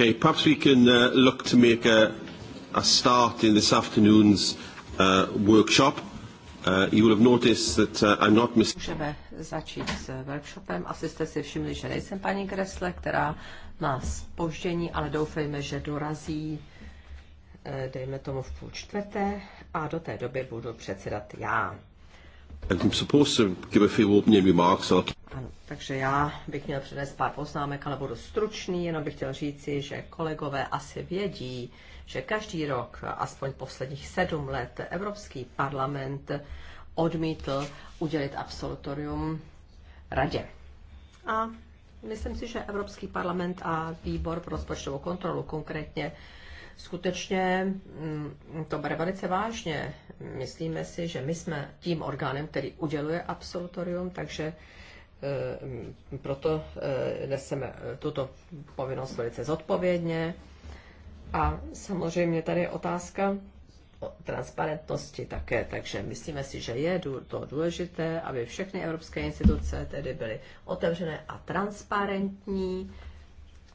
Okay, perhaps we can uh, look to make a, a start in this afternoon's uh, workshop. Uh, you will have noticed that uh, I'm not missing... Můžeme začít s workshopem. Asi jste si všimli, že nejsem paní Gressle, která má spoždění, ale doufejme, že dorazí, eh, dejme tomu v půl čtvrté, a do té doby budu předsedat já takže já bych měl přednést pár poznámek, ale budu stručný, jenom bych chtěl říci, že kolegové asi vědí, že každý rok, aspoň posledních sedm let, Evropský parlament odmítl udělit absolutorium radě. A myslím si, že Evropský parlament a výbor pro rozpočtovou kontrolu konkrétně skutečně mm, to bere velice vážně. Myslíme si, že my jsme tím orgánem, který uděluje absolutorium, takže eh, proto eh, neseme eh, tuto povinnost velice zodpovědně. A samozřejmě tady je otázka o transparentnosti také, takže myslíme si, že je to důležité, aby všechny evropské instituce tedy byly otevřené a transparentní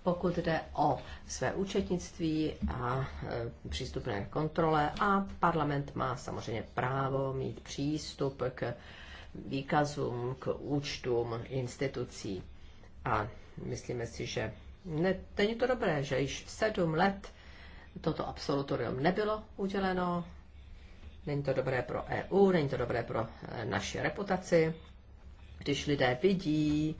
pokud jde o své účetnictví a e, přístupné kontrole. A parlament má samozřejmě právo mít přístup k výkazům, k účtům institucí. A myslíme si, že ne, není to dobré, že již sedm let toto absolutorium nebylo uděleno. Není to dobré pro EU, není to dobré pro e, naši reputaci. Když lidé vidí,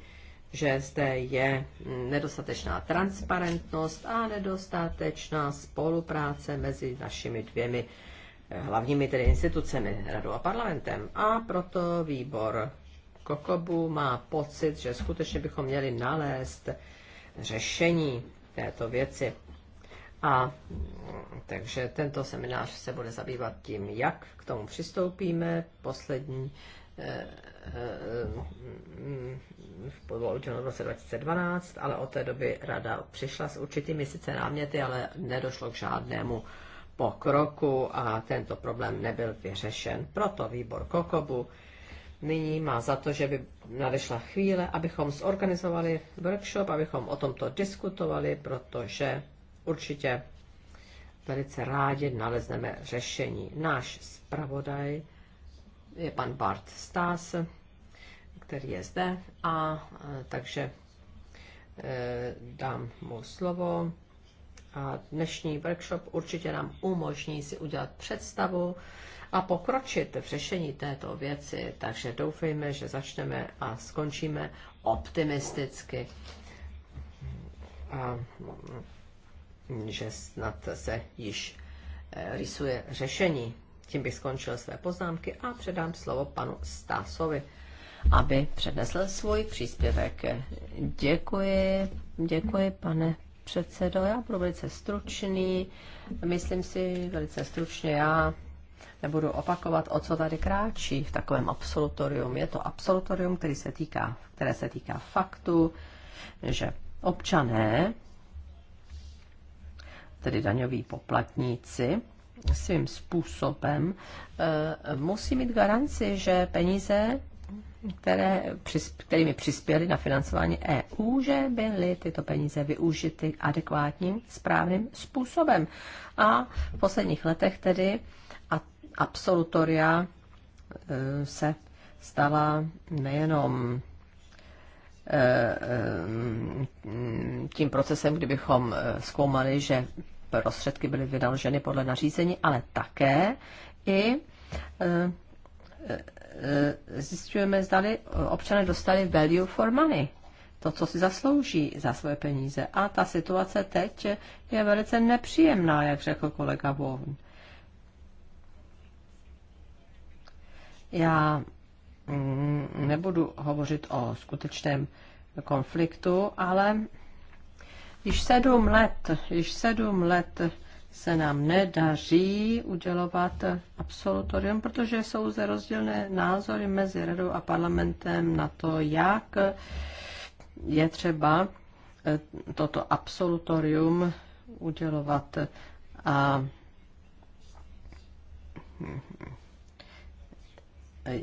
že zde je nedostatečná transparentnost a nedostatečná spolupráce mezi našimi dvěmi eh, hlavními tedy institucemi, radou a parlamentem. A proto výbor Kokobu má pocit, že skutečně bychom měli nalézt řešení této věci. A mm, takže tento seminář se bude zabývat tím, jak k tomu přistoupíme. Poslední uděleno v roce 2012, ale od té doby rada přišla s určitými sice náměty, ale nedošlo k žádnému pokroku a tento problém nebyl vyřešen. Proto výbor Kokobu nyní má za to, že by nadešla chvíle, abychom zorganizovali workshop, abychom o tomto diskutovali, protože určitě velice rádi nalezneme řešení. Náš zpravodaj je pan Bart Stas, který je zde, a takže e, dám mu slovo. A dnešní workshop určitě nám umožní si udělat představu a pokročit v řešení této věci. Takže doufejme, že začneme a skončíme optimisticky. A že snad se již e, rysuje řešení tím bych skončil své poznámky a předám slovo panu Stásovi, aby přednesl svůj příspěvek. Děkuji, děkuji pane předsedo, já budu velice stručný, myslím si velice stručně, já nebudu opakovat, o co tady kráčí v takovém absolutorium. Je to absolutorium, který se týká, které se týká faktu, že občané, tedy daňoví poplatníci, svým způsobem eh, musí mít garanci, že peníze, které, kterými přispěly na financování EU, že byly tyto peníze využity adekvátním, správným způsobem. A v posledních letech tedy absolutoria eh, se stala nejenom eh, tím procesem, kdybychom zkoumali, že prostředky byly vynaloženy podle nařízení, ale také i e, e, e, zjistujeme, zdali občané dostali value for money, to, co si zaslouží za svoje peníze. A ta situace teď je velice nepříjemná, jak řekl kolega Vohn. Já mm, nebudu hovořit o skutečném konfliktu, ale Již sedm let, již sedm let se nám nedaří udělovat absolutorium, protože jsou zde rozdílné názory mezi radou a parlamentem na to, jak je třeba eh, toto absolutorium udělovat. A eh,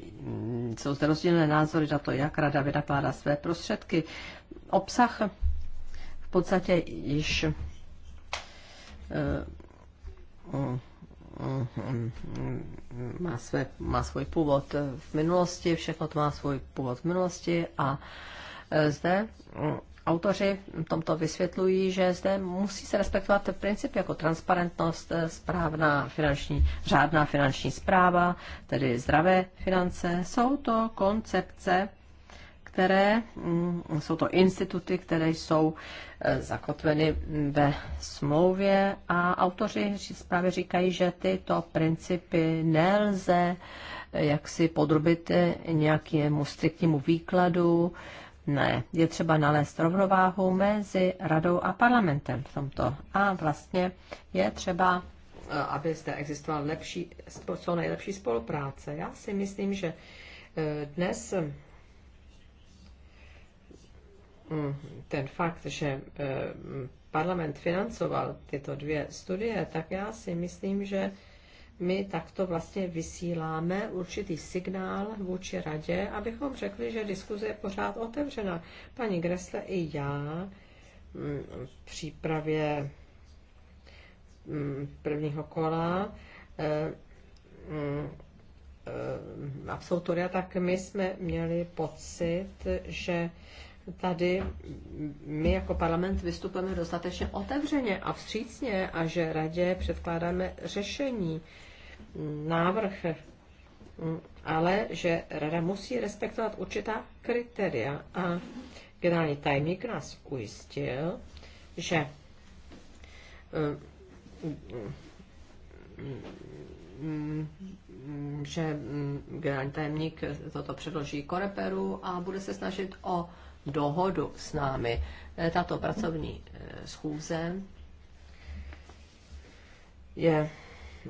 jsou zde rozdílné názory na to, jak rada vynakládá své prostředky. Obsah podstatě již eh, má, své, má svůj původ v minulosti, všechno to má svůj původ v minulosti a eh, zde mm, autoři tomto vysvětlují, že zde musí se respektovat princip jako transparentnost, eh, správná finanční, řádná finanční zpráva, tedy zdravé finance. Jsou to koncepce, které mm, jsou to instituty, které jsou eh, zakotveny ve smlouvě a autoři právě říkají, že tyto principy nelze eh, jak si podrobit eh, nějakému striktnímu výkladu. Ne, je třeba nalézt rovnováhu mezi radou a parlamentem v tomto. A vlastně je třeba aby zde existovala lepší, co nejlepší spolupráce. Já si myslím, že dnes ten fakt, že eh, parlament financoval tyto dvě studie, tak já si myslím, že my takto vlastně vysíláme určitý signál vůči radě, abychom řekli, že diskuze je pořád otevřena. Paní Gresle i já mm, v přípravě mm, prvního kola eh, mm, eh, absolutoria, tak my jsme měli pocit, že tady my jako parlament vystupujeme dostatečně otevřeně a vstřícně a že radě předkládáme řešení, mm, návrh, mm, ale že rada musí respektovat určitá kritéria a generální tajemník nás ujistil, že mm, že generální tajemník toto předloží koreperu a bude se snažit o dohodu s námi. Eh, tato pracovní eh, schůze je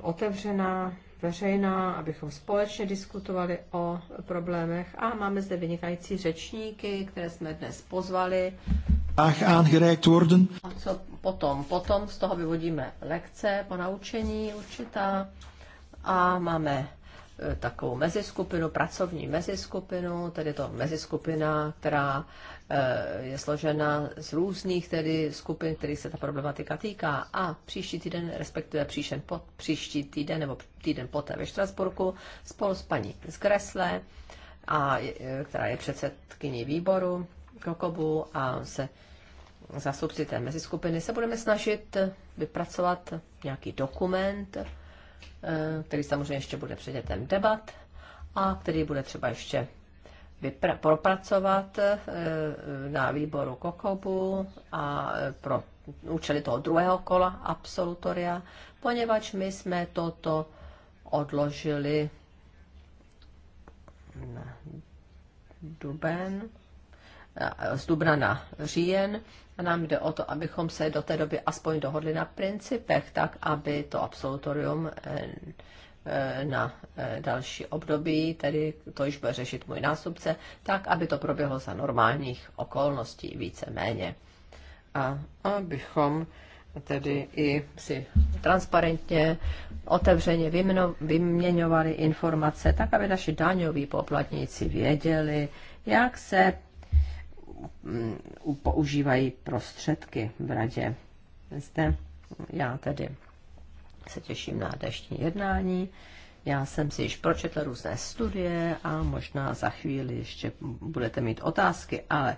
otevřená, veřejná, abychom společně diskutovali o problémech a máme zde vynikající řečníky, které jsme dnes pozvali. aangereikt worden. A co potom? Potom z toho vyvodíme lekce, ponaučení určitá a máme Eh, takovou meziskupinu, pracovní meziskupinu, tedy to meziskupina, která eh, je složena z různých tedy skupin, kterých se ta problematika týká. A příští týden, respektive příšen po, příští týden nebo týden poté ve Štrasburku spolu s paní z Gresle, a, eh, která je předsedkyní výboru Krokobu a se zástupci té meziskupiny se budeme snažit vypracovat nějaký dokument, Eh, který samozřejmě ještě bude předmětem debat a který bude třeba ještě propracovat eh, na výboru Kokobu a eh, pro účely toho druhého kola absolutoria, poněvadž my jsme toto odložili na duben z dubna na říjen. A nám jde o to, abychom se do té doby aspoň dohodli na principech, tak aby to absolutorium eh, eh, na eh, další období, tedy to již bude řešit můj nástupce, tak, aby to proběhlo za normálních okolností více-méně. A abychom tedy i si transparentně, otevřeně vyměňovali informace, tak aby naši daňoví poplatníci věděli, jak se Mm, používají prostředky v radě. Zde já tedy se těším na dnešní jednání. Já jsem si již pročetl různé studie a možná za chvíli ještě budete mít otázky, ale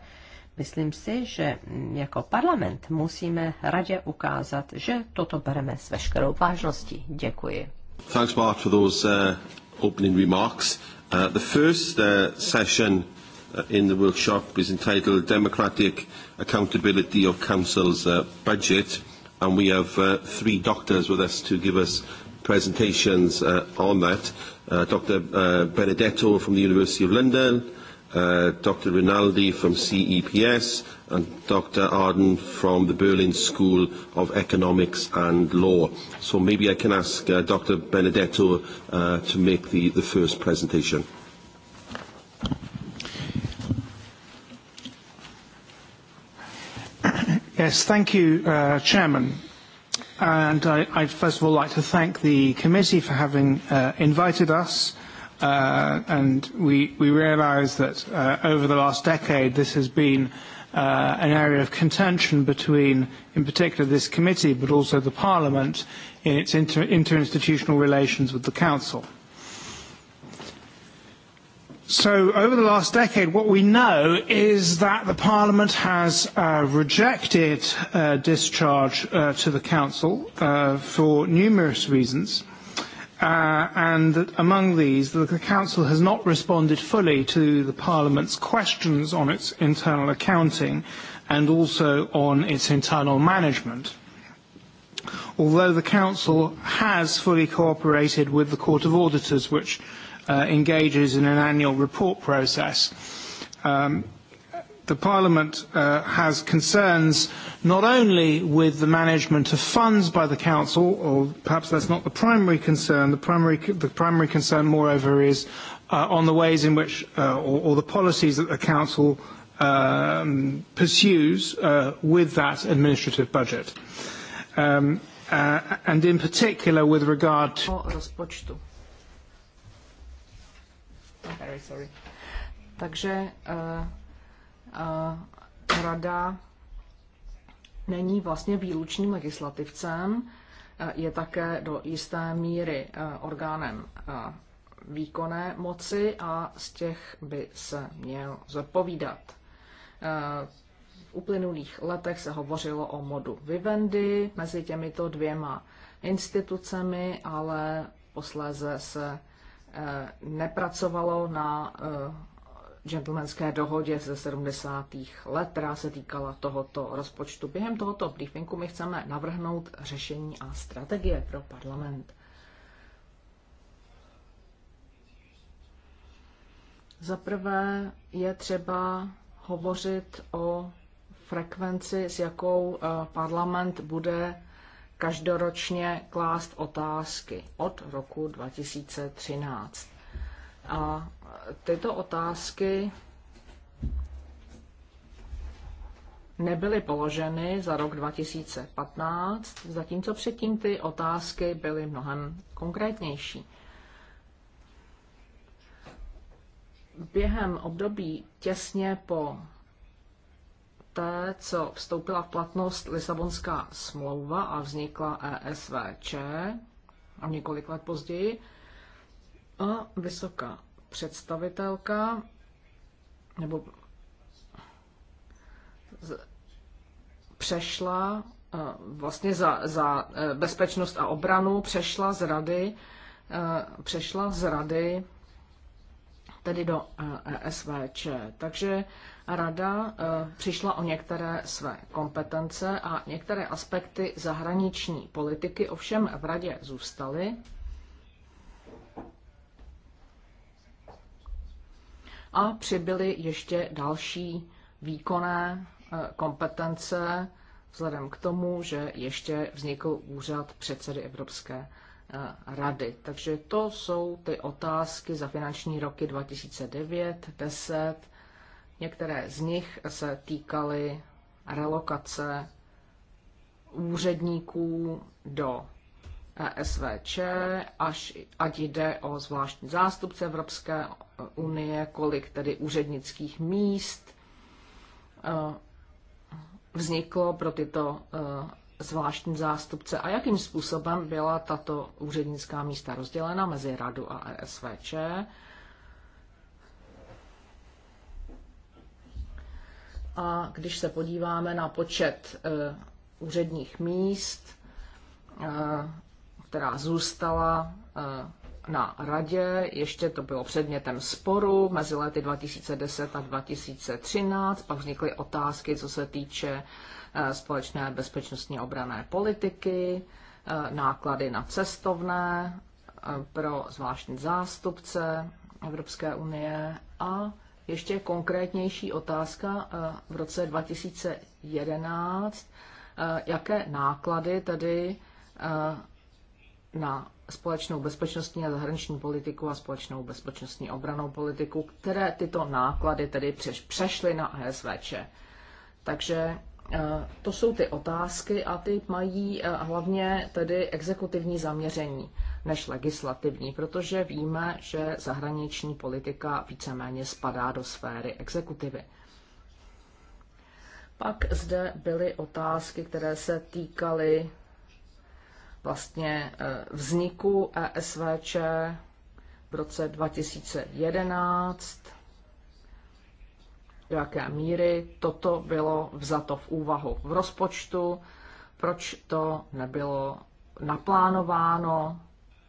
myslím si, že jako parlament musíme radě ukázat, že toto bereme s veškerou vážností. Děkuji. Thanks, Bart, for those uh, opening remarks. Uh, the first uh, session Uh, in the workshop is entitled Democratic Accountability of Council's uh, Budget, and we have uh, three doctors with us to give us presentations uh, on that. Uh, Dr. Uh, Benedetto from the University of London, uh, Dr. Rinaldi from CEPS, and Dr. Arden from the Berlin School of Economics and Law. So maybe I can ask uh, Dr. Benedetto uh, to make the, the first presentation. Yes, thank you, uh, Chairman. And I, I'd first of all like to thank the committee for having uh, invited us. Uh, and we, we realise that uh, over the last decade this has been uh, an area of contention between, in particular, this committee, but also the Parliament in its inter- interinstitutional relations with the Council. So over the last decade, what we know is that the Parliament has uh, rejected uh, discharge uh, to the Council uh, for numerous reasons. Uh, and that among these, the, Council has not responded fully to the Parliament's questions on its internal accounting and also on its internal management. Although the Council has fully cooperated with the Court of Auditors, which uh, Uh, engages in an annual report process. Um, the Parliament uh, has concerns not only with the management of funds by the Council, or perhaps that's not the primary concern, the primary, the primary concern, moreover, is uh, on the ways in which, uh, or, or the policies that the Council um, pursues uh, with that administrative budget. Um, uh, and in particular with regard to... Harry, sorry. Takže eh, eh, rada není vlastně výlučným legislativcem, eh, je také do jisté míry orgánem výkonné moci a z těch by se měl zodpovídat. V uplynulých letech se hovořilo o modu vivendi mezi těmito dvěma institucemi, ale posléze se Eh, nepracovalo na eh, gentlemanské dohodě ze 70. let, která se týkala tohoto rozpočtu. Během tohoto briefingu my chceme navrhnout řešení a strategie pro parlament. Za prvé je třeba hovořit o frekvenci, s jakou eh, parlament bude každoročně klást otázky od roku 2013. A tyto otázky nebyly položeny za rok 2015, zatímco předtím ty otázky byly mnohem konkrétnější. Během období těsně po poté, co vstoupila v platnost Lisabonská smlouva a vznikla ESVČ a několik let později, a vysoká představitelka nebo přešla e, vlastně za, za e, bezpečnost a obranu, přešla z rady, e, přešla z rady tedy do ESVČ. Takže Rada eh, přišla o některé své kompetence a některé aspekty zahraniční politiky ovšem v Radě zůstaly. A přibyly ještě další výkonné eh, kompetence vzhledem k tomu, že ještě vznikl úřad předsedy Evropské eh, rady. Takže to jsou ty otázky za finanční roky 2009, 10, Některé z nich se týkaly relokace úředníků do e SVČ, až, ať jde o zvláštní zástupce Evropské unie, kolik tedy úřednických míst eh, vzniklo pro tyto eh, zvláštní zástupce a jakým způsobem byla tato úřednická místa rozdělena mezi radu a ESVČ A když se podíváme na počet e, úředních míst, e, která zůstala e, na radě, ještě to bylo předmětem sporu mezi lety 2010 a 2013, pak vznikly otázky, co se týče společné bezpečnostní obrané politiky, náklady na cestovné pro zvláštní zástupce Evropské unie a ještě konkrétnější otázka eh, v roce 2011, eh, jaké náklady tedy eh, na společnou bezpečnostní a zahraniční politiku a společnou bezpečnostní obranou politiku, které tyto náklady tedy přešly na ESVČ. Takže to jsou ty otázky a ty mají hlavně tedy exekutivní zaměření než legislativní, protože víme, že zahraniční politika víceméně spadá do sféry exekutivy. Pak zde byly otázky, které se týkaly vlastně eh, vzniku ESVČ v roce 2011, do jaké míry toto bylo vzato v úvahu v rozpočtu, proč to nebylo naplánováno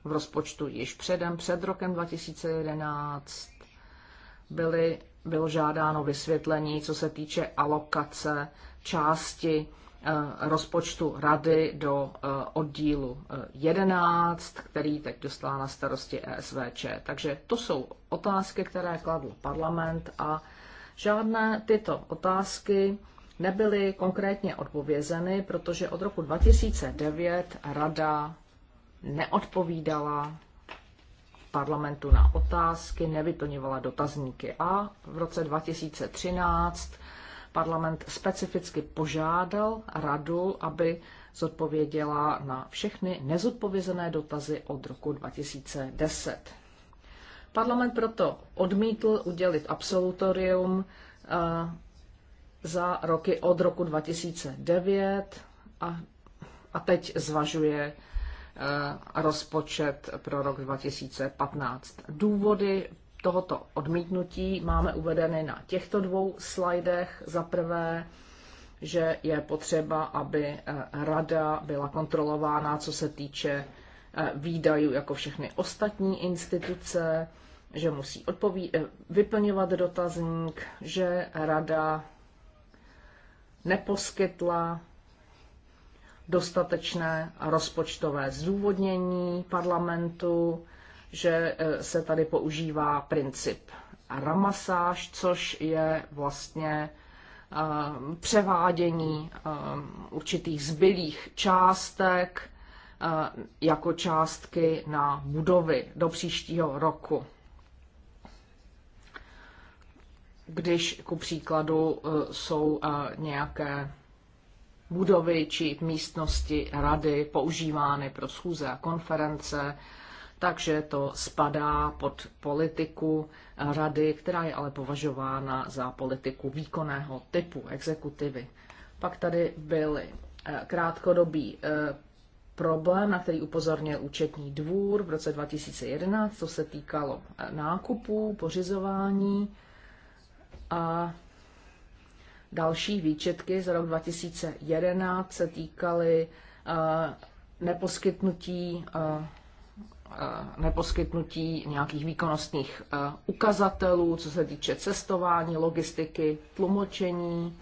v rozpočtu již předem, před rokem 2011. Byly, bylo žádáno vysvětlení, co se týče alokace části eh, rozpočtu rady do eh, oddílu 11, eh, který teď dostala na starosti ESVČ. Takže to jsou otázky, které kladl parlament a žádné tyto otázky nebyly konkrétně odpovězeny, protože od roku 2009 rada neodpovídala parlamentu na otázky, nevyplňovala dotazníky. A v roce 2013 parlament specificky požádal radu, aby zodpověděla na všechny nezodpovězené dotazy od roku 2010. Parlament proto odmítl udělit absolutorium eh, za roky od roku 2009 a, a teď zvažuje Eh, rozpočet pro rok 2015. Důvody tohoto odmítnutí máme uvedeny na těchto dvou slajdech. Za prvé, že je potřeba, aby eh, rada byla kontrolována, co se týče eh, výdajů jako všechny ostatní instituce, že musí odpoví- vyplňovat dotazník, že rada neposkytla dostatečné rozpočtové zdůvodnění parlamentu, že e, se tady používá princip ramasáž, což je vlastně e, převádění e, určitých zbylých částek jako částky na budovy do příštího roku. Když ku příkladu jsou nějaké budovy či místnosti rady používány pro schůze a konference, takže to spadá pod politiku rady, která je ale považována za politiku výkonného typu exekutivy. Pak tady byly eh, krátkodobý eh, problém, na který upozornil účetní dvůr v roce 2011, co se týkalo eh, nákupů, pořizování a Další výčetky z roku 2011 se týkaly eh, neposkytnutí, eh, eh, neposkytnutí nějakých výkonnostních ukazatelů, co se týče cestování, logistiky, tlumočení.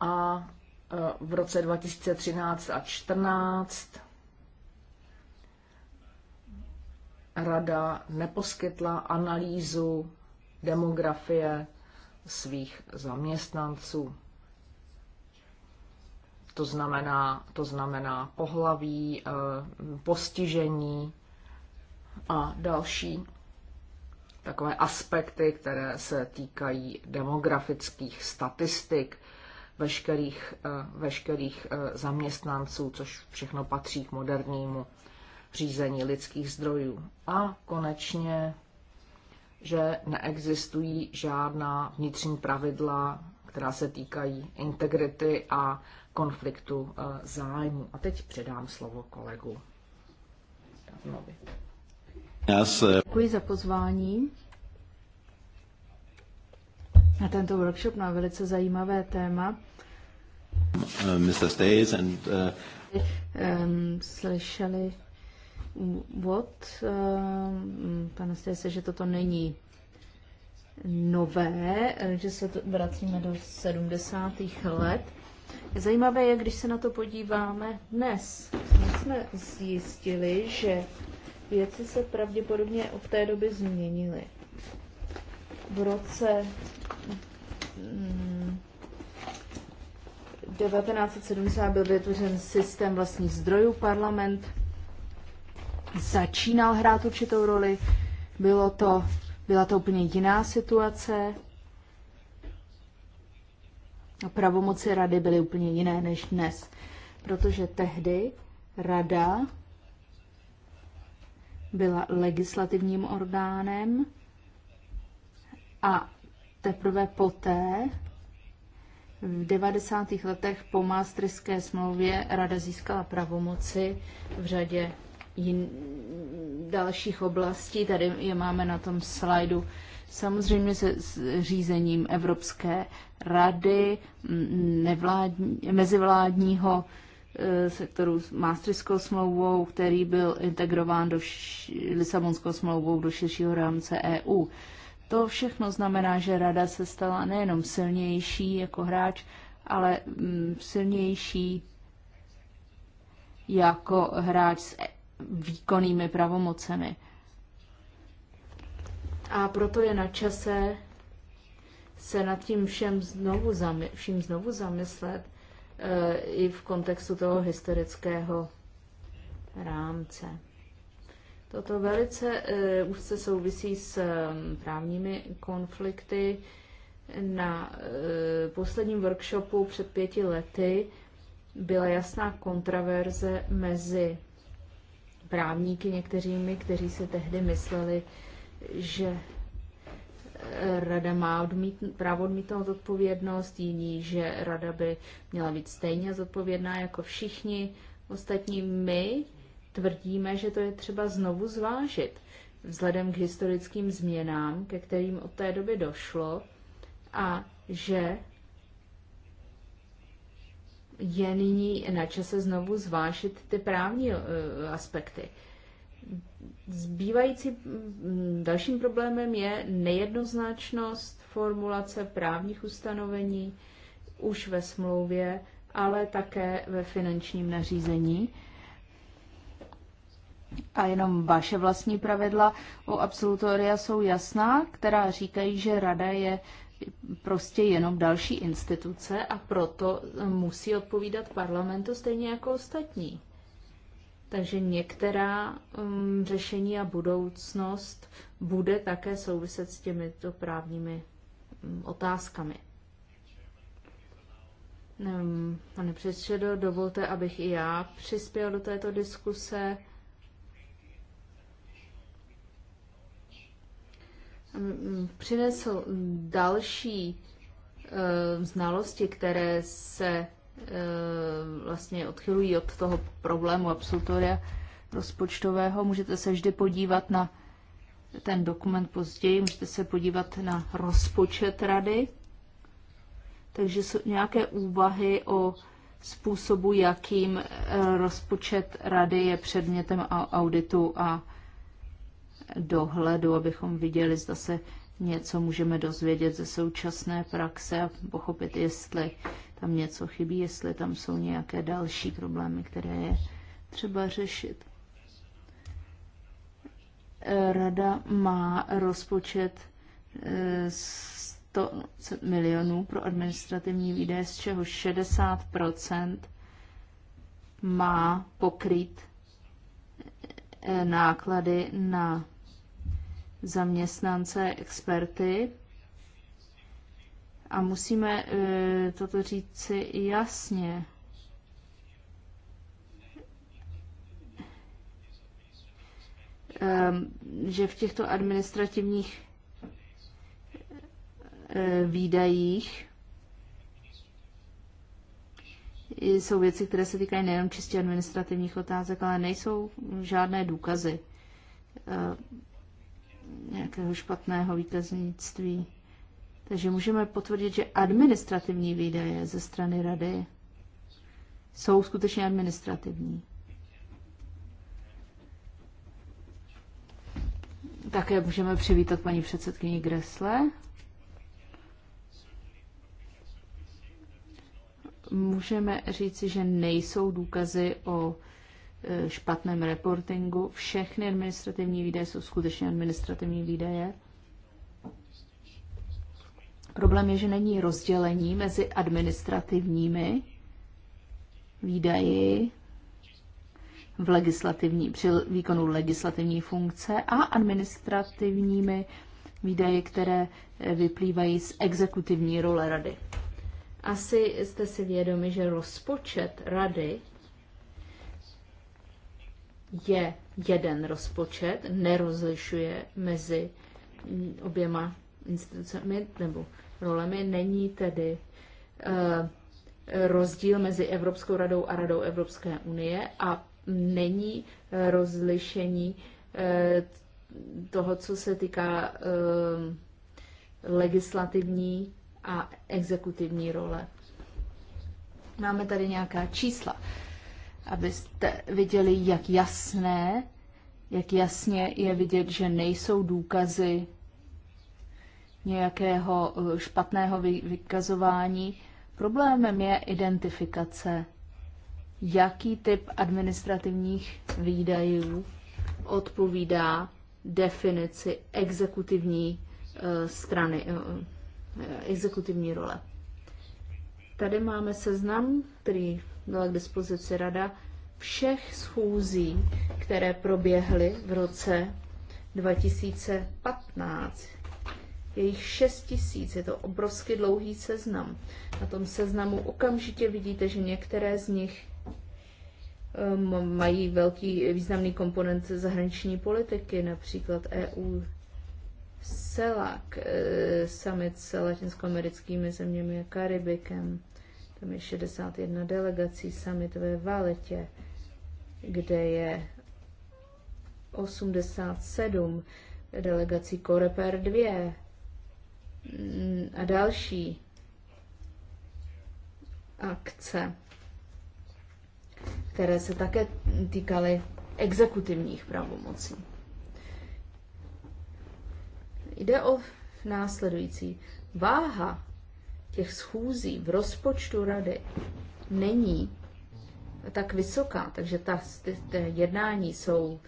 A v roce 2013 a 2014 rada neposkytla analýzu demografie svých zaměstnanců. To znamená, to znamená pohlaví, eh, postižení a další takové aspekty, které se týkají demografických statistik veškerých, eh, veškerých eh, zaměstnanců, což všechno patří k modernímu řízení lidských zdrojů. A konečně že neexistují žádná vnitřní pravidla, která se týkají integrity a konfliktu eh, zájmu. A teď předám slovo kolegu. Se... Děkuji za pozvání na tento workshop na velice zajímavé téma. Eh, Mr. Stays and, uh... Slyšeli úvod. Eh, pane se, že toto není nové, eh, že se vracíme do 70. let. Zajímavé je, když se na to podíváme dnes. My jsme zjistili, že věci se pravděpodobně od té doby změnily. V roce 1970 mm, byl vytvořen systém vlastních zdrojů parlament začínal hrát určitou roli. Bylo to, byla to úplně jiná situace. Pravomoci rady byly úplně jiné než dnes, protože tehdy rada byla legislativním orgánem a teprve poté v 90. letech po Maastrichtské smlouvě rada získala pravomoci v řadě jin, dalších oblastí. Tady je máme na tom slajdu. Samozřejmě se s řízením Evropské rady, nevládní, mezivládního e, sektoru s Maastrichtskou smlouvou, který byl integrován do Lisabonskou smlouvou do širšího rámce EU. To všechno znamená, že rada se stala nejenom silnější jako hráč, ale silnější jako hráč s výkonnými pravomocemi. A proto je na čase se nad tím všem znovu, zamy, vším znovu zamyslet e, i v kontextu toho historického rámce. Toto velice e, úzce souvisí s e, právními konflikty. Na e, posledním workshopu před pěti lety byla jasná kontraverze mezi právníky někteřími, kteří si tehdy mysleli, že e, rada má odmít, právo odmítnout odpovědnost, jiní, že rada by měla být stejně zodpovědná jako všichni ostatní. My tvrdíme, že to je třeba znovu zvážit vzhledem k historickým změnám, ke kterým od té doby došlo a že je nyní na čase znovu zvážit ty právní uh, aspekty. Zbývající mm, dalším problémem je nejednoznačnost formulace právních ustanovení už ve smlouvě, ale také ve finančním nařízení. A jenom vaše vlastní pravidla o absolutoria jsou jasná, která říkají, že rada je prostě jenom další instituce a proto musí odpovídat parlamentu stejně jako ostatní. Takže některá um, řešení a budoucnost bude také souviset s těmito právními um, otázkami. Um, pane předsedo, dovolte, abych i já přispěl do této diskuse. Mm, přinesl další eh, znalosti, které se eh, vlastně odchylují od toho problému absolutoria rozpočtového. Můžete se vždy podívat na ten dokument později, můžete se podívat na rozpočet rady. Takže jsou nějaké úvahy o způsobu, jakým eh, rozpočet rady je předmětem auditu a dohledu, abychom viděli, zda se něco můžeme dozvědět ze současné praxe a pochopit, jestli tam něco chybí, jestli tam jsou nějaké další problémy, které je třeba řešit. Rada má rozpočet 100 eh, milionů pro administrativní výdaje, z čeho 60 má pokryt eh, náklady na zaměstnance, experty. A musíme e, toto říci jasně. že v těchto administrativních e, výdajích jsou věci, které se týkají nejenom čistě administrativních otázek, ale nejsou žádné důkazy nějakého špatného výkaznictví. Takže můžeme potvrdit, že administrativní výdaje ze strany rady jsou skutečně administrativní. Také můžeme přivítat paní předsedkyni Gresle. Můžeme říci, že nejsou důkazy o Eh, špatném reportingu. Všechny administrativní výdaje jsou skutečně administrativní výdaje. Problém je, že není rozdělení mezi administrativními výdaji v legislativní, při výkonu legislativní funkce a administrativními výdaje, které eh, vyplývají z exekutivní role rady. Asi jste si vědomi, že rozpočet rady je jeden rozpočet, nerozlišuje mezi oběma institucemi nebo rolemi, není tedy eh, rozdíl mezi Evropskou radou a radou Evropské unie a není eh, rozlišení eh, toho, co se týká legislativní a exekutivní role. Máme tady nějaká čísla abyste viděli, jak jasné, jak jasně je vidět, že nejsou důkazy nějakého eh, špatného vykazování. Problémem je identifikace, jaký typ administrativních výdajů odpovídá definici exekutivní eh, strany, eh, exekutivní role. Tady máme seznam, který byla k dispozici rada všech schůzí, které proběhly v roce 2015. Je jich 6 tisíc, je to obrovsky dlouhý seznam. Na tom seznamu okamžitě vidíte, že některé z nich um, mají velký významný komponent zahraniční politiky, například EU CELAC, eh, summit s latinskoamerickými zeměmi a Karibikem, tam je 61 delegací summit ve Valetě, kde je 87 delegací Koreper 2 mm, a další akce, které se také týkaly exekutivních pravomocí. Jde o následující. Váha těch schůzí v rozpočtu rady není tak vysoká, takže ta, ty, ty jednání jsou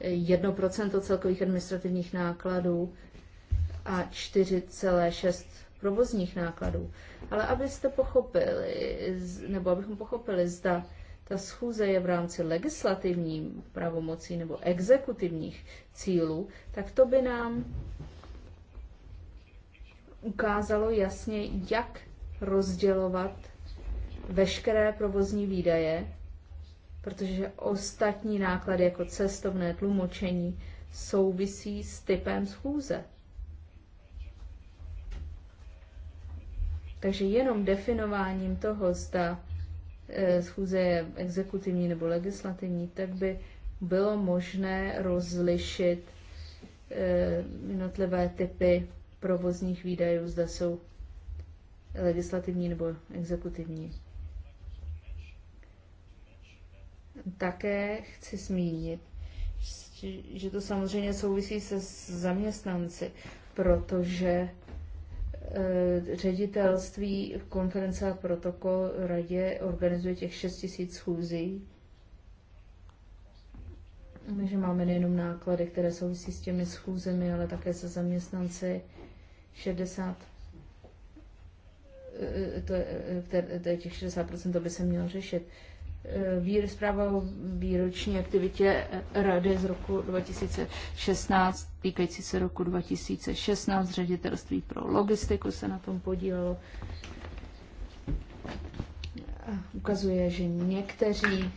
1% eh, celkových administrativních nákladů a 4,6 provozních nákladů. Ale abyste pochopili, nebo abychom pochopili, zda ta schůze je v rámci legislativní pravomocí nebo exekutivních cílů, tak to by nám ukázalo jasně, jak rozdělovat veškeré provozní výdaje, protože ostatní náklady jako cestovné tlumočení souvisí s typem schůze. Takže jenom definováním toho, zda e, schůze je exekutivní nebo legislativní, tak by bylo možné rozlišit e, jednotlivé typy provozních výdajů, zda jsou legislativní nebo exekutivní. Také chci zmínit, že to samozřejmě souvisí se zaměstnanci, protože eh, ředitelství konference a protokol radě organizuje těch 6 000 schůzí. Takže máme nejenom náklady, které souvisí s těmi schůzemi, ale také se zaměstnanci. 60 eh, eh, to, eh, to je těch 60%, to by se mělo řešit. Výr, zpráva o výroční aktivitě Rady z roku 2016, týkající se roku 2016, ředitelství pro logistiku se na tom podílelo ukazuje, že někteří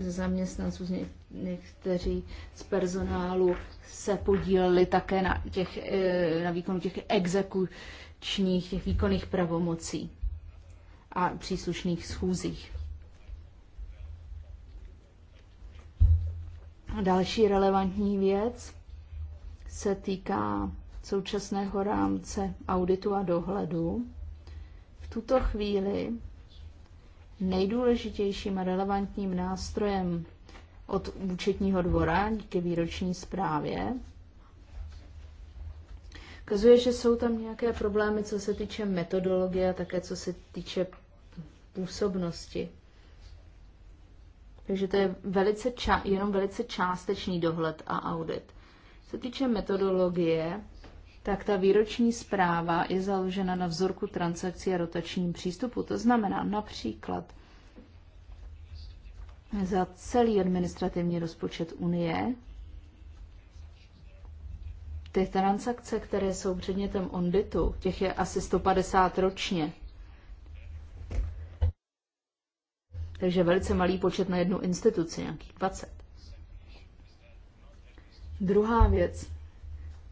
zaměstnanců, někteří z personálu se podíleli také na, těch, e, na výkonu těch exekučních, těch výkonných pravomocí a příslušných schůzích. Další relevantní věc se týká současného rámce auditu a dohledu. V tuto chvíli nejdůležitějším a relevantním nástrojem od účetního dvora díky výroční zprávě. Ukazuje, že jsou tam nějaké problémy, co se týče metodologie a také co se týče působnosti. Takže to je velice ča- jenom velice částečný dohled a audit. Co se týče metodologie, tak ta výroční zpráva je založena na vzorku transakcí a rotačním přístupu. To znamená například za celý administrativní rozpočet Unie ty transakce, které jsou předmětem onditu, těch je asi 150 ročně. Takže velice malý počet na jednu instituci, nějakých 20. Druhá věc.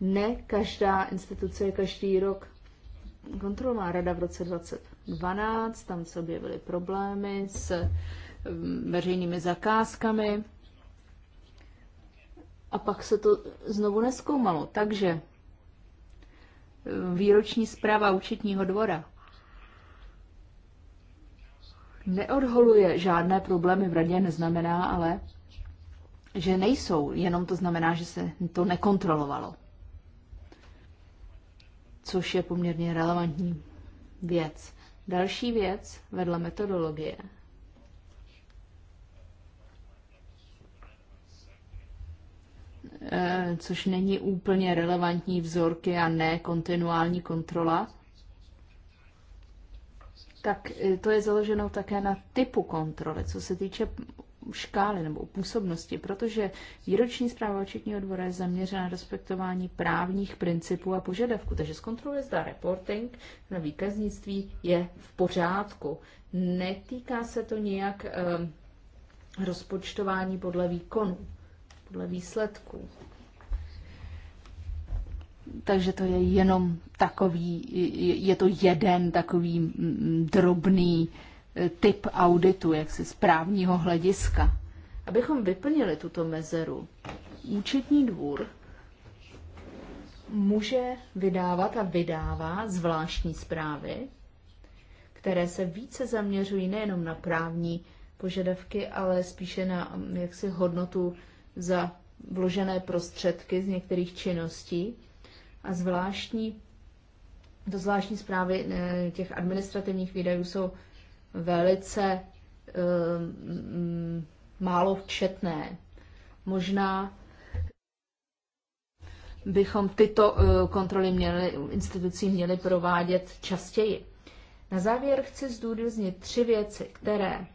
Ne každá instituce je každý rok kontrolová rada v roce 2012, tam se objevily problémy s mm, veřejnými zakázkami a pak se to znovu neskoumalo. Takže mm, výroční zpráva účetního dvora neodholuje žádné problémy v radě, neznamená ale, že nejsou, jenom to znamená, že se to nekontrolovalo což je poměrně relevantní věc. Další věc vedle metodologie eh, což není úplně relevantní vzorky a ne kontinuální kontrola, tak eh, to je založeno také na typu kontroly. Co se týče škály nebo působnosti, protože výroční zpráva očetního dvora je zaměřena na respektování právních principů a požadavků. Takže zkontroluje, zda reporting na výkaznictví je v pořádku. Netýká se to nějak eh, rozpočtování podle výkonu, podle výsledků. Takže to je jenom takový, je to jeden takový mm, drobný eh, typ auditu, jaksi z právního hlediska. Abychom vyplnili tuto mezeru, účetní dvůr může vydávat a vydává zvláštní zprávy, které se více zaměřují nejenom na právní požadavky, ale spíše na um, jaksi hodnotu za vložené prostředky z některých činností a zvláštní do zvláštní zprávy eh, těch administrativních výdajů jsou velice um, mm, málo včetné. Možná bychom tyto uh, kontroly měli, institucí měli provádět častěji. Na závěr chci zdůraznit tři věci, které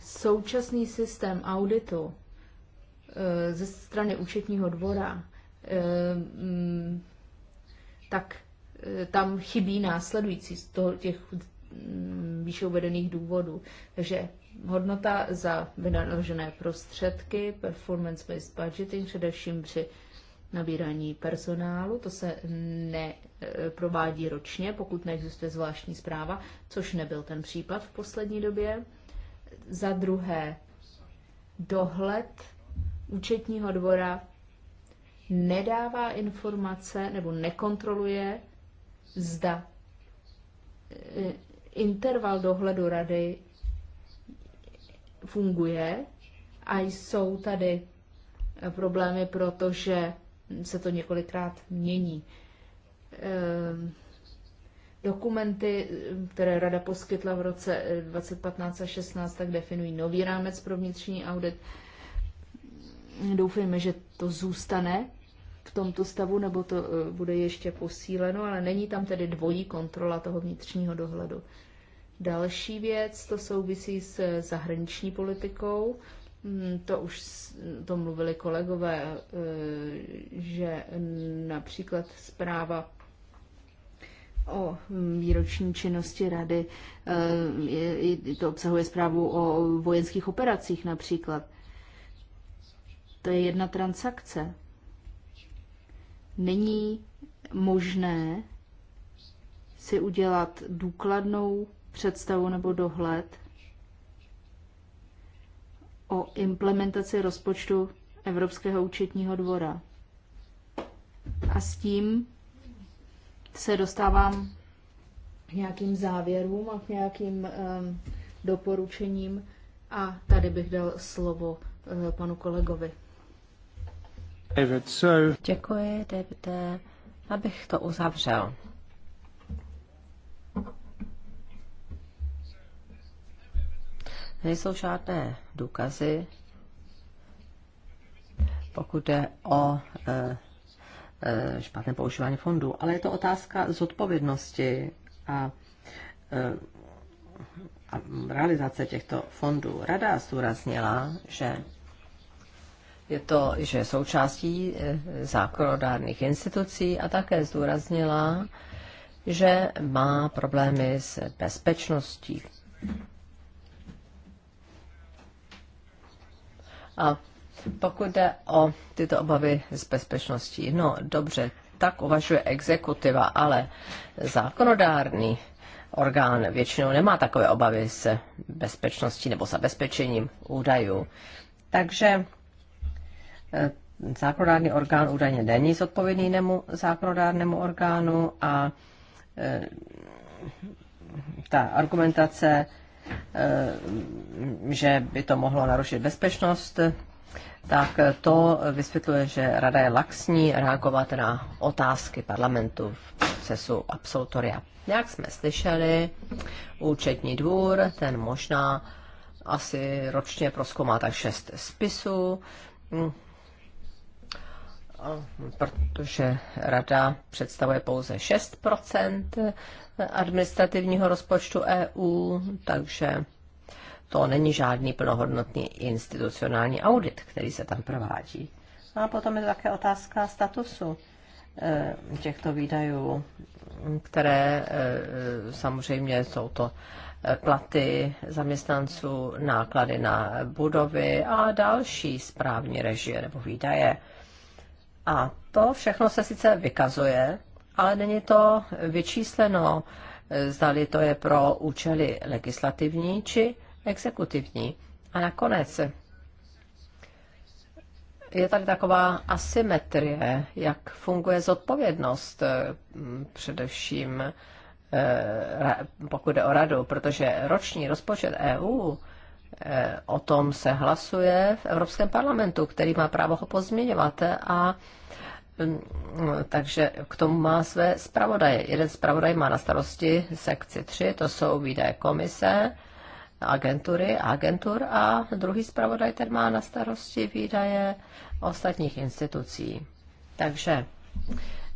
současný systém auditu uh, ze strany účetního dvora uh, mm, tak tam chybí následující z toho, těch mm, výše uvedených důvodů. Takže hodnota za vynaložené prostředky, performance-based budgeting, především při nabírání personálu, to se neprovádí eh, ročně, pokud neexistuje zvláštní zpráva, což nebyl ten případ v poslední době. Za druhé, dohled účetního dvora nedává informace nebo nekontroluje zda e, interval dohledu rady funguje a jsou tady problémy, protože se to několikrát mění. Ehm, dokumenty, které Rada poskytla v roce 2015 e, a 2016, tak definují nový rámec pro vnitřní audit. Doufejme, že to zůstane v tomto stavu, nebo to e, bude ještě posíleno, ale není tam tedy dvojí kontrola toho vnitřního dohledu. Další věc, to souvisí s e, zahraniční politikou. Mm, to už e, to mluvili kolegové, že například zpráva o mm, výroční činnosti rady, to obsahuje zprávu o vojenských operacích například. To je jedna transakce není možné si udělat důkladnou představu nebo dohled o implementaci rozpočtu Evropského účetního dvora. A s tím se dostávám k nějakým závěrům a k nějakým um, doporučením. A tady bych dal slovo uh, panu kolegovi. David, so... Děkuji, David, Abych to uzavřel. Nejsou žádné důkazy, pokud jde o e, e, špatné používání fondů, ale je to otázka zodpovědnosti a, e, a realizace těchto fondů. Rada zdůraznila, že je to, že součástí eh, zákonodárných institucí a také zdůraznila, že má problémy s bezpečností. A pokud jde o tyto obavy z bezpečností, no dobře, tak uvažuje exekutiva, ale zákonodárný orgán většinou nemá takové obavy s bezpečností nebo zabezpečením údajů. Takže Eh, zákonodárný orgán údajně není zodpovědný nemu zákonodárnému orgánu a eh, ta argumentace, eh, že by to mohlo narušit bezpečnost, tak to vysvětluje, že Rada je laxní reagovat na otázky parlamentu v procesu absolutoria. Jak jsme slyšeli, účetní dvůr, ten možná asi ročně proskoumá tak šest spisů, protože rada představuje pouze 6 administrativního rozpočtu EU, takže to není žádný plnohodnotný institucionální audit, který se tam provádí. A potom je také otázka statusu eh, těchto výdajů, které eh, samozřejmě jsou to eh, platy zaměstnanců, náklady na budovy a další správní režie nebo výdaje. A to všechno se sice vykazuje, ale není to vyčísleno, zdali to je pro účely legislativní či exekutivní. A nakonec je tady taková asymetrie, jak funguje zodpovědnost mm, především eh, pokud jde o radu, protože roční rozpočet EU o tom se hlasuje v Evropském parlamentu, který má právo ho pozměňovat a mm, takže k tomu má své zpravodaje. Jeden zpravodaj má na starosti sekci 3, to jsou výdaje komise, agentury a agentur a druhý zpravodaj ten má na starosti výdaje ostatních institucí. Takže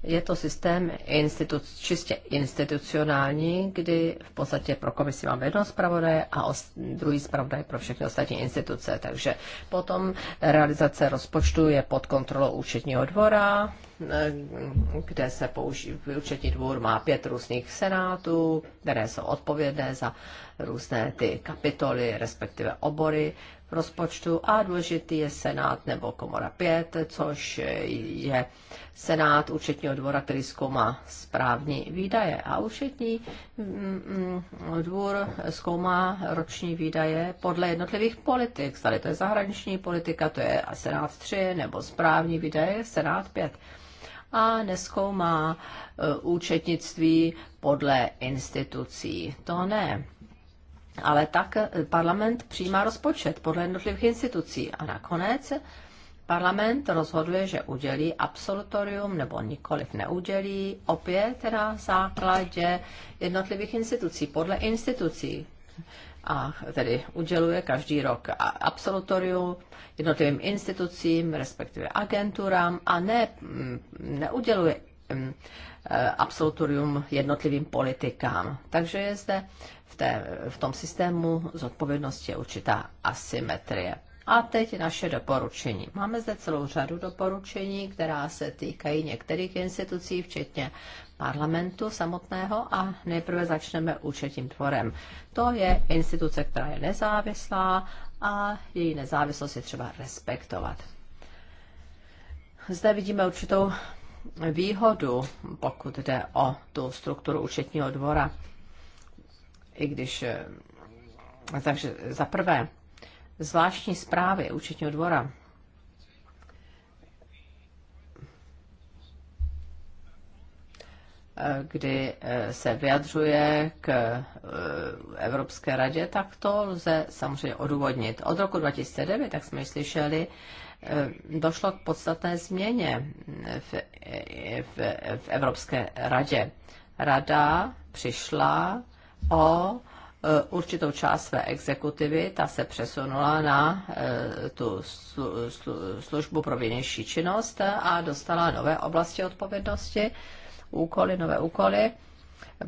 je to systém institu- čistě institucionální, kdy v podstatě pro komisi máme jedno zpravodaje a druhý zpravodaj pro všechny ostatní instituce. Takže potom realizace rozpočtu je pod kontrolou účetního dvora, eh, kde se používá účetní dvůr má pět různých senátů, které jsou odpovědné za různé ty kapitoly, respektive obory rozpočtu a důležitý je Senát nebo Komora 5, což je Senát účetního dvora, který zkoumá správní výdaje. A účetní mm, mm, dvůr zkoumá roční výdaje podle jednotlivých politik. Tady to je zahraniční politika, to je Senát 3, nebo správní výdaje Senát 5 a neskoumá e, účetnictví podle institucí. To ne ale tak eh, parlament přijímá rozpočet podle jednotlivých institucí a nakonec parlament rozhoduje, že udělí absolutorium nebo nikoliv neudělí, opět na základě jednotlivých institucí, podle institucí. A tedy uděluje každý rok absolutorium jednotlivým institucím, respektive agenturám a ne, mm, neuděluje mm, eh, absolutorium jednotlivým politikám. Takže je zde v, té, v tom systému zodpovědnosti je určitá asymetrie. A teď naše doporučení. Máme zde celou řadu doporučení, která se týkají některých institucí, včetně parlamentu samotného a nejprve začneme účetním dvorem. To je instituce, která je nezávislá a její nezávislost je třeba respektovat. Zde vidíme určitou výhodu, pokud jde o tu strukturu účetního dvora i když... Eh, takže za prvé, zvláštní zprávy účetního dvora eh, kdy eh, se vyjadřuje k Evropské radě, tak to lze samozřejmě odůvodnit. Od roku 2009, tak jsme slyšeli, došlo k podstatné změně v, v, v Evropské radě. Rada přišla o e, určitou část své exekutivy, ta se přesunula na e, tu službu pro vnější činnost a dostala nové oblasti odpovědnosti, úkoly, nové úkoly,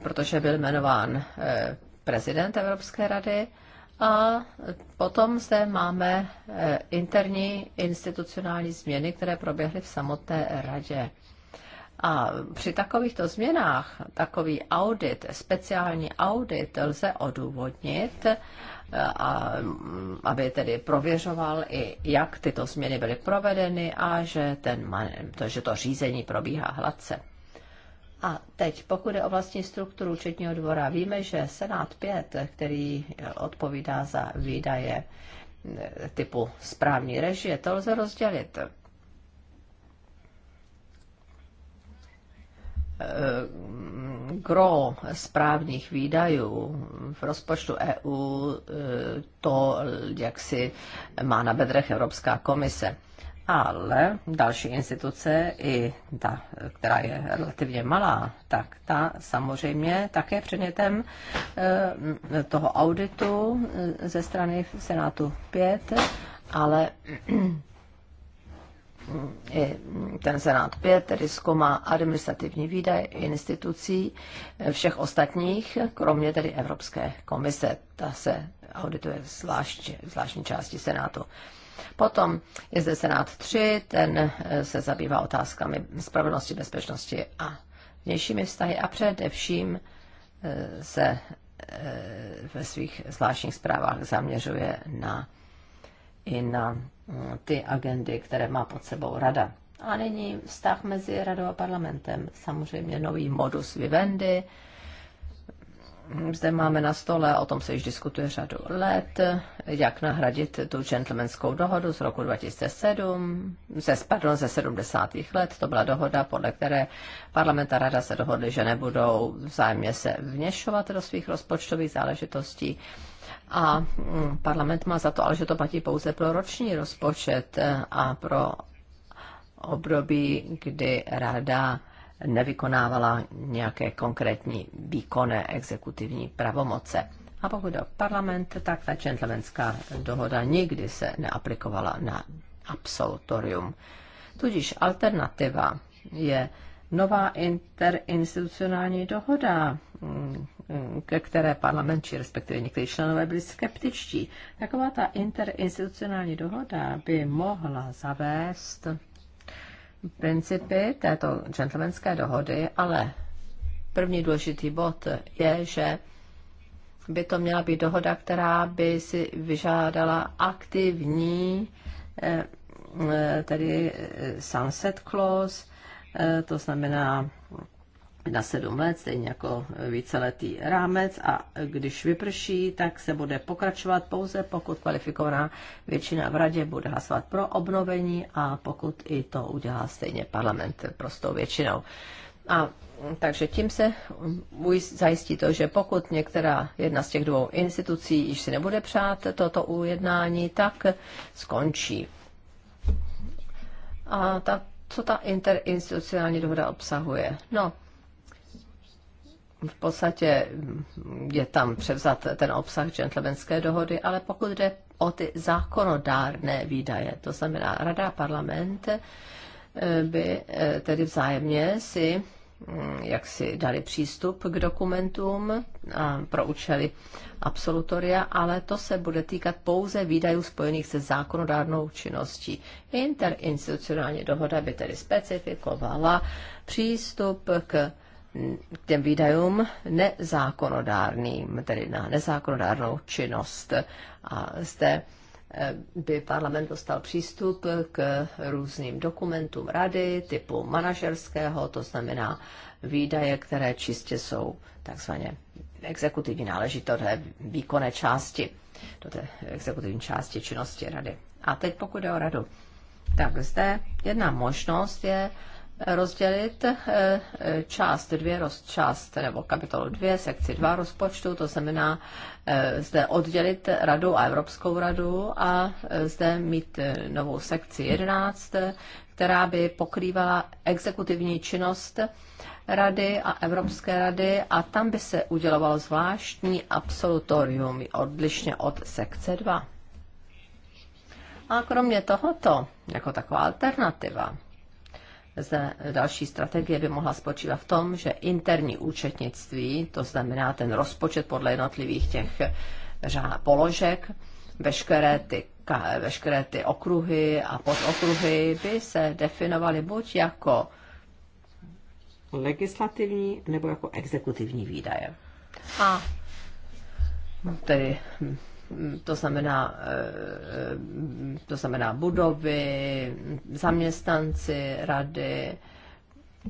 protože byl jmenován e, prezident Evropské rady. A potom zde máme interní institucionální změny, které proběhly v samotné radě. A při takovýchto změnách takový audit, speciální audit lze odůvodnit, eh, a, aby tedy prověřoval i, jak tyto změny byly provedeny a že, ten, to, že to řízení probíhá hladce. A teď, pokud je o vlastní strukturu účetního dvora, víme, že Senát 5, který odpovídá za výdaje eh, typu správní režie, to lze rozdělit Eh, gro správných výdajů v rozpočtu EU eh, to jak si má na bedrech Evropská komise. Ale další instituce, i ta, která je relativně malá, tak ta samozřejmě také předmětem eh, toho auditu ze strany Senátu 5, ale ten Senát 5, tedy zkoumá administrativní výdaje institucí všech ostatních, kromě tedy Evropské komise. Ta se audituje zvlášť, zvláštní části Senátu. Potom je zde Senát 3, ten eh, se zabývá otázkami spravedlnosti, bezpečnosti a vnějšími vztahy a především eh, se eh, ve svých zvláštních zprávách zaměřuje na, i na ty agendy, které má pod sebou rada. A nyní vztah mezi radou a parlamentem. Samozřejmě nový modus vivendi. Zde máme na stole, o tom se již diskutuje řadu let, jak nahradit tu gentlemanskou dohodu z roku 2007, ze, pardon, ze 70. let. To byla dohoda, podle které parlament a rada se dohodly, že nebudou vzájemně se vněšovat do svých rozpočtových záležitostí a mm, parlament má za to, ale že to platí pouze pro roční rozpočet eh, a pro období, kdy rada nevykonávala nějaké konkrétní výkonné exekutivní pravomoce. A pokud o parlament, tak ta gentlemanská dohoda nikdy se neaplikovala na absolutorium. Tudíž alternativa je nová interinstitucionální dohoda, mm, ke které parlament, či respektive někteří členové byli skeptičtí. Taková ta interinstitucionální dohoda by mohla zavést principy této gentlemanské dohody, ale první důležitý bod je, že by to měla být dohoda, která by si vyžádala aktivní eh, eh, tedy eh, sunset clause, to znamená na sedm let, stejně jako víceletý rámec a když vyprší, tak se bude pokračovat pouze, pokud kvalifikovaná většina v radě bude hlasovat pro obnovení a pokud i to udělá stejně parlament prostou většinou. A takže tím se zajistí to, že pokud některá jedna z těch dvou institucí již si nebude přát toto ujednání, tak skončí. A ta, co ta interinstitucionální dohoda obsahuje? No, v podstatě je tam převzat ten obsah gentlemanské dohody, ale pokud jde o ty zákonodárné výdaje, to znamená Rada a parlament eh, by eh, tedy vzájemně si mm, jak si dali přístup k dokumentům pro účely absolutoria, ale to se bude týkat pouze výdajů spojených se zákonodárnou činností. Interinstitucionální dohoda by tedy specifikovala přístup k k těm výdajům nezákonodárným, tedy na nezákonodárnou činnost. A zde eh, by parlament dostal přístup k různým dokumentům rady typu manažerského, to znamená výdaje, které čistě jsou takzvaně exekutivní náležitosti, té výkonné části, do té exekutivní části činnosti rady. A teď pokud jde o radu, tak zde jedna možnost je rozdělit eh, část dvě, část nebo kapitolu dvě, sekci dva rozpočtu, to znamená eh, zde oddělit radu a Evropskou radu a eh, zde mít novou sekci 11, která by pokrývala exekutivní činnost rady a Evropské rady a tam by se udělovalo zvláštní absolutorium odlišně od sekce 2. A kromě tohoto, jako taková alternativa, zde další strategie by mohla spočívat v tom, že interní účetnictví, to znamená ten rozpočet podle jednotlivých těch eh, položek, veškeré ty, veškeré ty okruhy a podokruhy by se definovaly buď jako legislativní nebo jako exekutivní výdaje. A tedy hm, to znamená, eh, to znamená budovy, zaměstnanci, rady,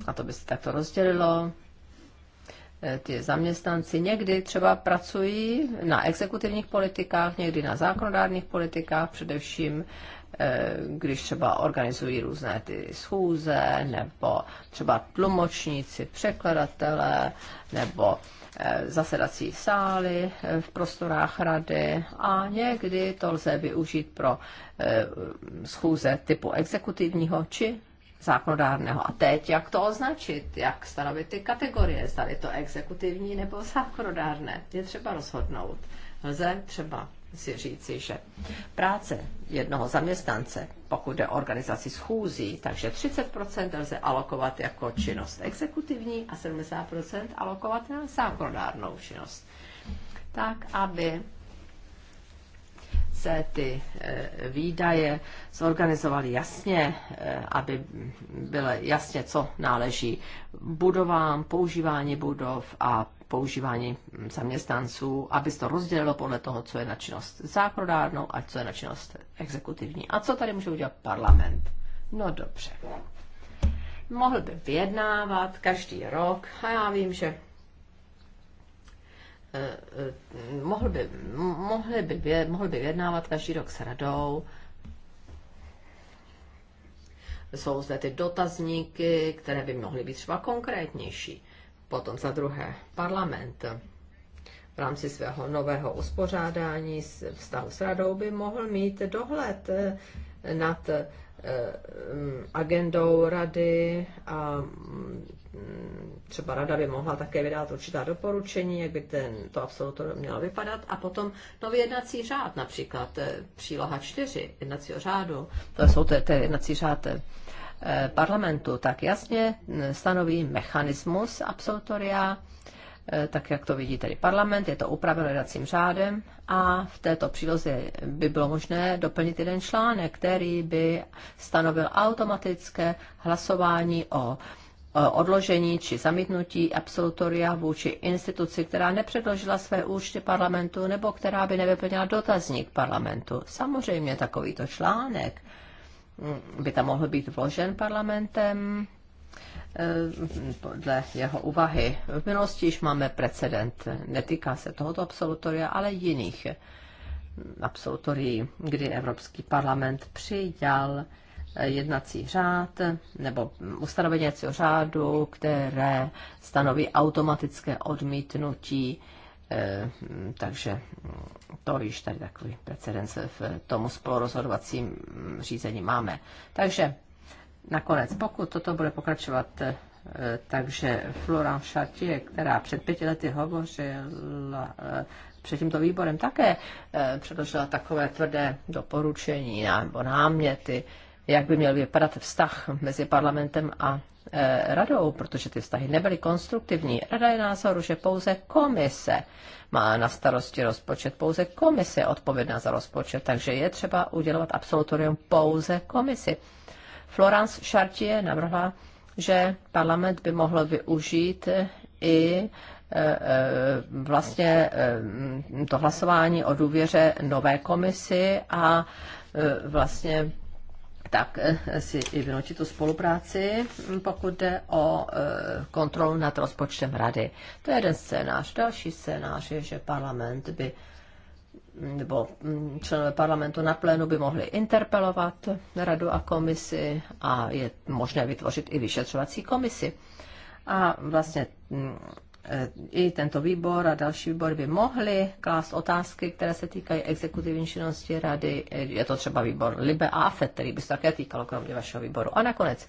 a to by se takto rozdělilo. Eh, ty zaměstnanci někdy třeba pracují na exekutivních politikách, někdy na zákonodárných politikách, především eh, když třeba organizují různé ty schůze, nebo třeba tlumočníci, překladatele, nebo Eh, zasedací sály, eh, v prostorách rady a někdy to lze využít pro eh, schůze typu exekutivního či zákonodárného. A teď, jak to označit, jak stanovit ty kategorie, zda je to exekutivní nebo zákonodárné, je třeba rozhodnout. Lze třeba si říci, že práce jednoho zaměstnance pokud jde o organizaci schůzí. Takže 30% lze alokovat jako činnost exekutivní a 70% alokovat na zákonodárnou činnost. Tak, aby se ty eh, výdaje zorganizovaly jasně, eh, aby bylo jasně, co náleží budovám, používání budov a používání zaměstnanců, aby se to rozdělilo podle toho, co je na činnost zákonodárnou a co je na činnost exekutivní. A co tady může udělat parlament? No dobře. Mohl by vyjednávat každý rok a já vím, že eh, eh, mohl by, mohli by, mohl by vyjednávat každý rok s radou, jsou zde ty dotazníky, které by mohly být třeba konkrétnější. Potom za druhé, parlament v rámci svého nového uspořádání vztahu s radou by mohl mít dohled eh, nad eh, mm, agendou rady a mm, třeba rada by mohla také vydat určitá doporučení, jak by ten, to absolutorium mělo vypadat a potom nový jednací řád, například eh, příloha 4 jednacího řádu, to jsou to, to je jednací řád Eh, parlamentu, tak jasně stanoví mechanismus absolutoria, eh, tak jak to vidí tedy parlament, je to upraveno jednacím řádem a v této příloze by bylo možné doplnit jeden článek, který by stanovil automatické hlasování o odložení či zamítnutí absolutoria vůči instituci, která nepředložila své účty parlamentu nebo která by nevyplnila dotazník parlamentu. Samozřejmě takovýto článek by tam mohl být vložen parlamentem eh, podle jeho uvahy V minulosti již máme precedent. Netýká se tohoto absolutoria, ale jiných absolutorií, kdy Evropský parlament přijal eh, jednací řád nebo ustanovení řádu, které stanoví automatické odmítnutí Eh, takže to již tady takový precedens v tomu spolorozhodovacím řízení máme. Takže nakonec, pokud toto bude pokračovat, eh, takže Florent Chartier, která před pěti lety hovořila eh, před tímto výborem, také předložila takové tvrdé doporučení nebo náměty, jak by měl vypadat vztah mezi parlamentem a Eh, radou, protože ty vztahy nebyly konstruktivní. Rada je názoru, že pouze komise má na starosti rozpočet, pouze komise je odpovědná za rozpočet, takže je třeba udělovat absolutorium pouze komisi. Florence Chartier navrhla, že parlament by mohl využít i eh, eh, vlastně to hlasování o důvěře nové komisi a vlastně tak eh, si i vynučit tu spolupráci, hm, pokud jde o eh, kontrolu nad rozpočtem rady. To je jeden scénář. Další scénář je, že parlament by nebo hm, členové parlamentu na plénu by mohli interpelovat radu a komisi a je možné vytvořit i vyšetřovací komisi. A vlastně hm, i tento výbor a další výbor by mohli klást otázky, které se týkají exekutivní činnosti rady. Je to třeba výbor Libe a AFET, který by se také týkalo kromě vašeho výboru. A nakonec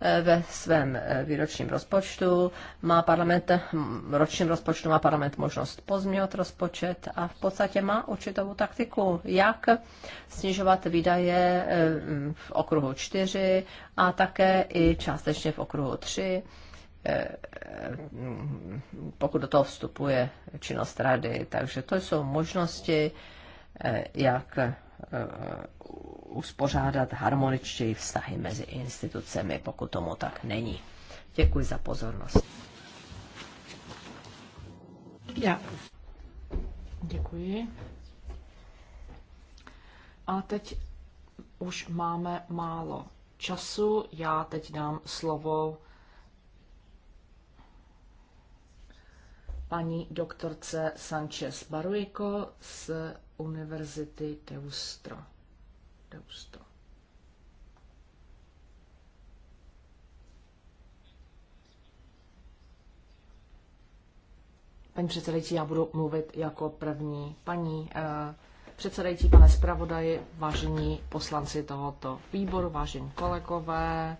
eh, ve svém eh, výročním rozpočtu má parlament, hm, ročním rozpočtu má parlament možnost pozměnit rozpočet a v podstatě má určitou taktiku, jak snižovat výdaje eh, v okruhu 4 a také i částečně v okruhu 3 Eh, pokud do toho vstupuje činnost rady. Takže to jsou možnosti, eh, jak eh, uspořádat harmoničtěji vztahy mezi institucemi, pokud tomu tak není. Děkuji za pozornost. Já. Děkuji. A teď už máme málo času. Já teď dám slovo paní doktorce Sanchez Baruico z Univerzity Teustro. Teustro. Paní předsedající, já budu mluvit jako první. Paní eh, předsedající, pane zpravodaji, vážení poslanci tohoto výboru, vážení kolegové, eh,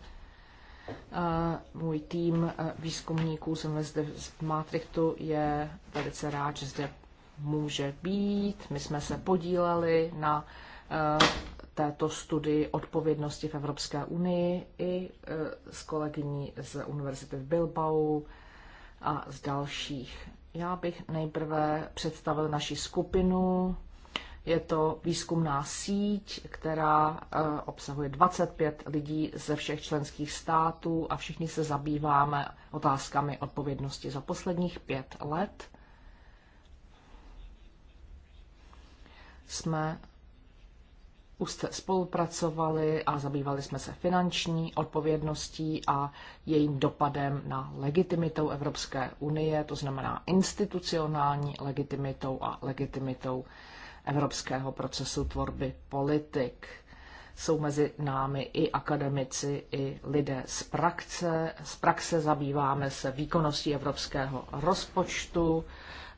můj tým výzkumníků jsem zde v Maatrichtu je velice rád, že zde může být. My jsme se podíleli na e, této studii odpovědnosti v Evropské unii i e, s kolegyní z Univerzity v Bilbao a z dalších. Já bych nejprve představil naši skupinu, je to výzkumná síť, která eh, obsahuje 25 lidí ze všech členských států a všichni se zabýváme otázkami odpovědnosti za posledních pět let. Jsme úzce spolupracovali a zabývali jsme se finanční odpovědností a jejím dopadem na legitimitou Evropské unie, to znamená institucionální legitimitou a legitimitou evropského procesu tvorby politik. Jsou mezi námi i akademici, i lidé z praxe. Z praxe zabýváme se výkonností evropského rozpočtu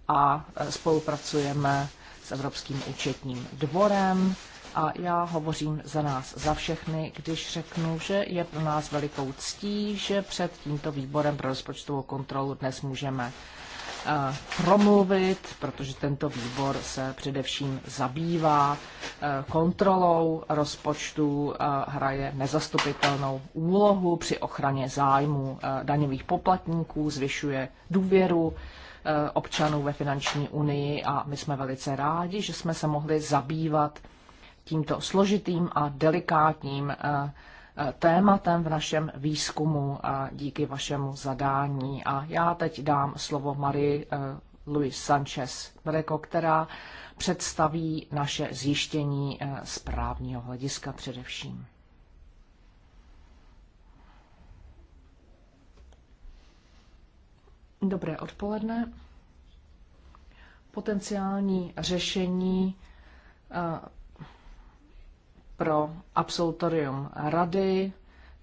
a e, spolupracujeme s Evropským účetním dvorem. A já hovořím za nás, za všechny, když řeknu, že je pro nás velikou ctí, že před tímto výborem pro rozpočtovou kontrolu dnes můžeme Eh, promluvit, protože tento výbor se především zabývá eh, kontrolou rozpočtu, eh, hraje nezastupitelnou úlohu při ochraně zájmu daňových poplatníků, zvyšuje důvěru občanů ve finanční unii a my jsme velice rádi, že jsme se mohli zabývat tímto složitým a delikátním tématem v našem výzkumu a díky vašemu zadání. A já teď dám slovo Marie eh, Luis Sanchez Breko, která představí naše zjištění eh, z právního hlediska především. Dobré odpoledne. Potenciální řešení eh, pro absolutorium rady.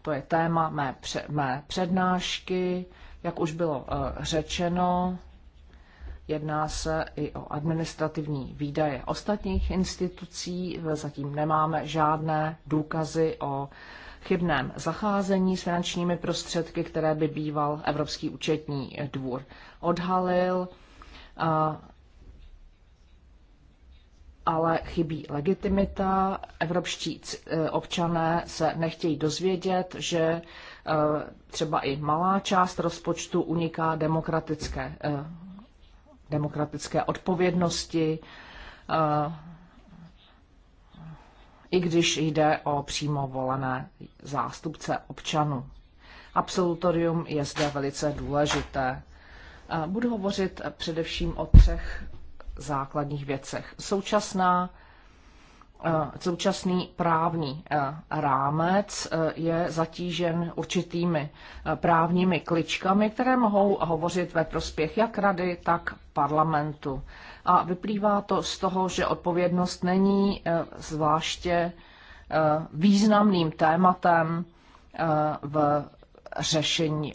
To je téma mé, pře- mé přednášky. Jak už bylo eh, řečeno, jedná se i o administrativní výdaje ostatních institucí. Zatím nemáme žádné důkazy o chybném zacházení s finančními prostředky, které by býval Evropský účetní dvůr odhalil. Uh, ale chybí legitimita. Evropští eh, občané se nechtějí dozvědět, že eh, třeba i malá část rozpočtu uniká demokratické, eh, demokratické odpovědnosti, i když jde o přímo volené zástupce občanů. Absolutorium je zde velice důležité. Budu hovořit především o třech základních věcech. Současná eh, Současný právní eh, rámec eh, je zatížen určitými právními kličkami, které mohou hovořit ve prospěch jak rady, tak parlamentu. A vyplývá to z toho, že odpovědnost není zvláště významným tématem v řešení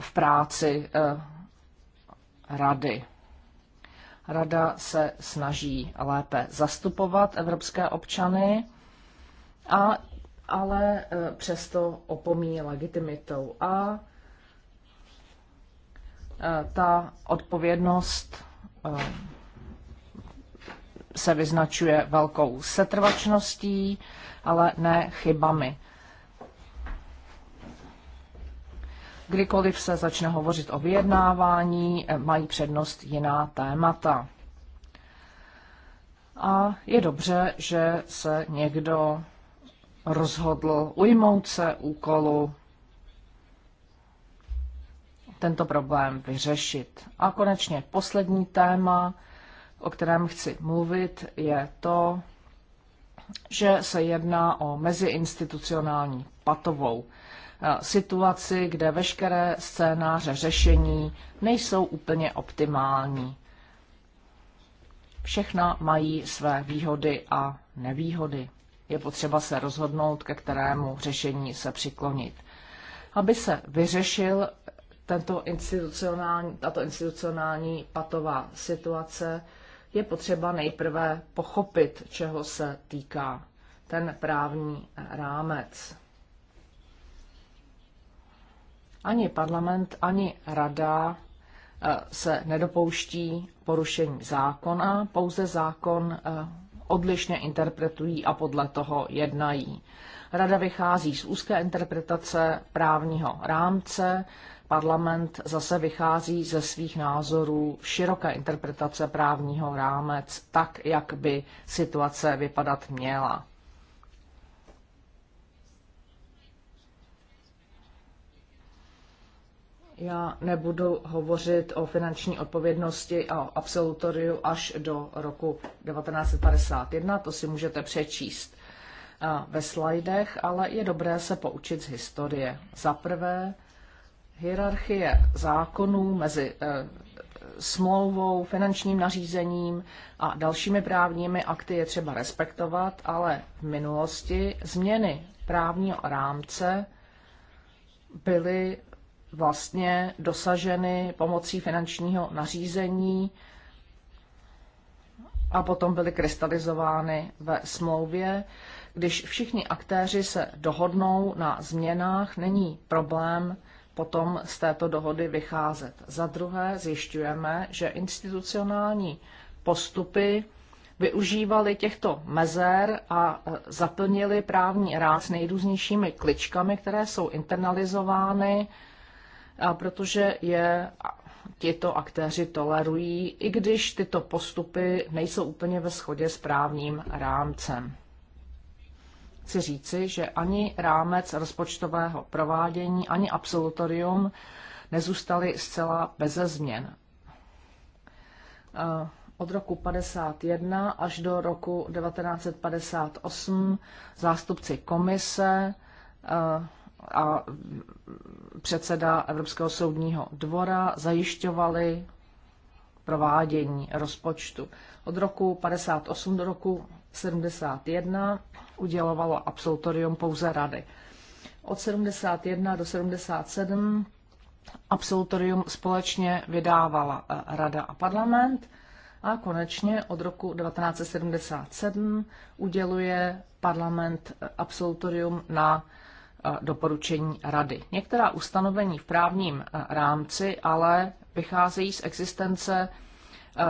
v práci rady. Rada se snaží lépe zastupovat evropské občany, a, ale e, přesto opomíjí legitimitou. A e, ta odpovědnost e, se vyznačuje velkou setrvačností, ale ne chybami. Kdykoliv se začne hovořit o vyjednávání, eh, mají přednost jiná témata. A je dobře, že se někdo rozhodl ujmout se úkolu tento problém vyřešit. A konečně poslední téma, o kterém chci mluvit, je to, že se jedná o meziinstitucionální patovou Eh, situaci, kde veškeré scénáře řešení nejsou úplně optimální. Všechna mají své výhody a nevýhody. Je potřeba se rozhodnout, ke kterému řešení se přiklonit. Aby se vyřešil tento institucionální, tato institucionální patová situace, je potřeba nejprve pochopit, čeho se týká ten právní rámec. Ani parlament, ani rada eh, se nedopouští porušení zákona, pouze zákon eh, odlišně interpretují a podle toho jednají. Rada vychází z úzké interpretace právního rámce, parlament zase vychází ze svých názorů široké interpretace právního rámec tak, jak by situace vypadat měla. Já nebudu hovořit o finanční odpovědnosti a absolutoriu až do roku 1951, to si můžete přečíst eh, ve slajdech, ale je dobré se poučit z historie. Za prvé, hierarchie zákonů mezi eh, smlouvou, finančním nařízením a dalšími právními akty je třeba respektovat, ale v minulosti změny právního rámce byly vlastně dosaženy pomocí finančního nařízení a potom byly krystalizovány ve smlouvě. Když všichni aktéři se dohodnou na změnách, není problém potom z této dohody vycházet. Za druhé zjišťujeme, že institucionální postupy využívali těchto mezer a e, zaplnili právní rád s nejrůznějšími kličkami, které jsou internalizovány a protože je tyto aktéři tolerují, i když tyto postupy nejsou úplně ve shodě s právním rámcem. Chci říci, že ani rámec rozpočtového provádění, ani absolutorium nezůstaly zcela beze změn. Eh, od roku 51 až do roku 1958 zástupci komise eh, a předseda Evropského soudního dvora zajišťovali provádění rozpočtu. Od roku 58 do roku 71 udělovalo absolutorium pouze rady. Od 71 do 77 absolutorium společně vydávala eh, rada a parlament a konečně od roku 1977 uděluje parlament eh, absolutorium na doporučení Rady. Některá ustanovení v právním eh, rámci ale vycházejí z existence eh,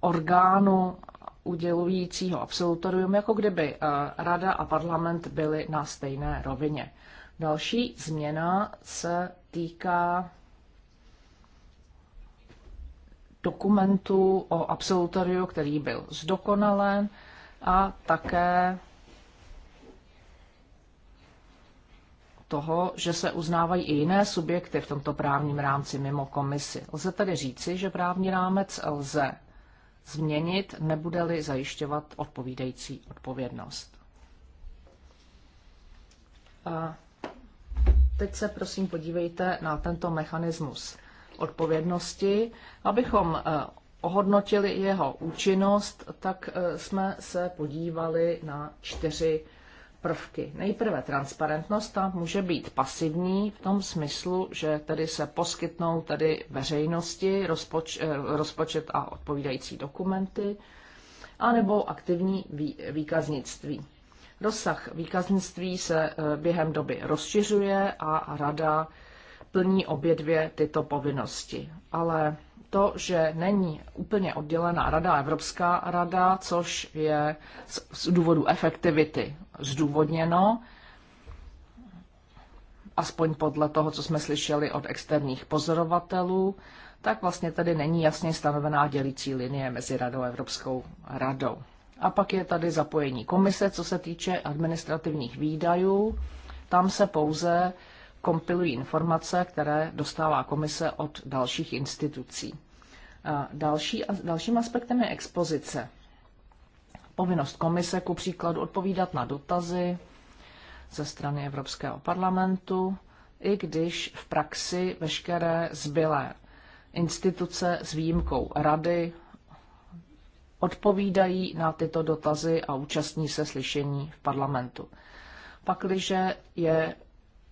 orgánu udělujícího absolutorium, jako kdyby eh, Rada a parlament byly na stejné rovině. Další změna se týká dokumentu o absolutoriu, který byl zdokonalen a také toho, že se uznávají i jiné subjekty v tomto právním rámci mimo komisi. Lze tedy říci, že právní rámec lze změnit, nebude-li zajišťovat odpovídající odpovědnost. A teď se prosím podívejte na tento mechanismus odpovědnosti. Abychom eh, ohodnotili jeho účinnost, tak eh, jsme se podívali na čtyři prvky. Nejprve transparentnost, ta může být pasivní v tom smyslu, že tedy se poskytnou tedy veřejnosti rozpoč, eh, rozpočet a odpovídající dokumenty, anebo aktivní vý, výkaznictví. Rozsah výkaznictví se eh, během doby rozšiřuje a rada plní obě dvě tyto povinnosti. Ale to, že není úplně oddělená rada, Evropská rada, což je z, z důvodu efektivity zdůvodněno, aspoň podle toho, co jsme slyšeli od externích pozorovatelů, tak vlastně tady není jasně stanovená dělící linie mezi radou a Evropskou radou. A pak je tady zapojení komise, co se týče administrativních výdajů. Tam se pouze kompilují informace, které dostává komise od dalších institucí. Další, dalším aspektem je expozice. Povinnost komise ku příkladu odpovídat na dotazy ze strany Evropského parlamentu, i když v praxi veškeré zbylé instituce s výjimkou rady odpovídají na tyto dotazy a účastní se slyšení v parlamentu. Pakliže je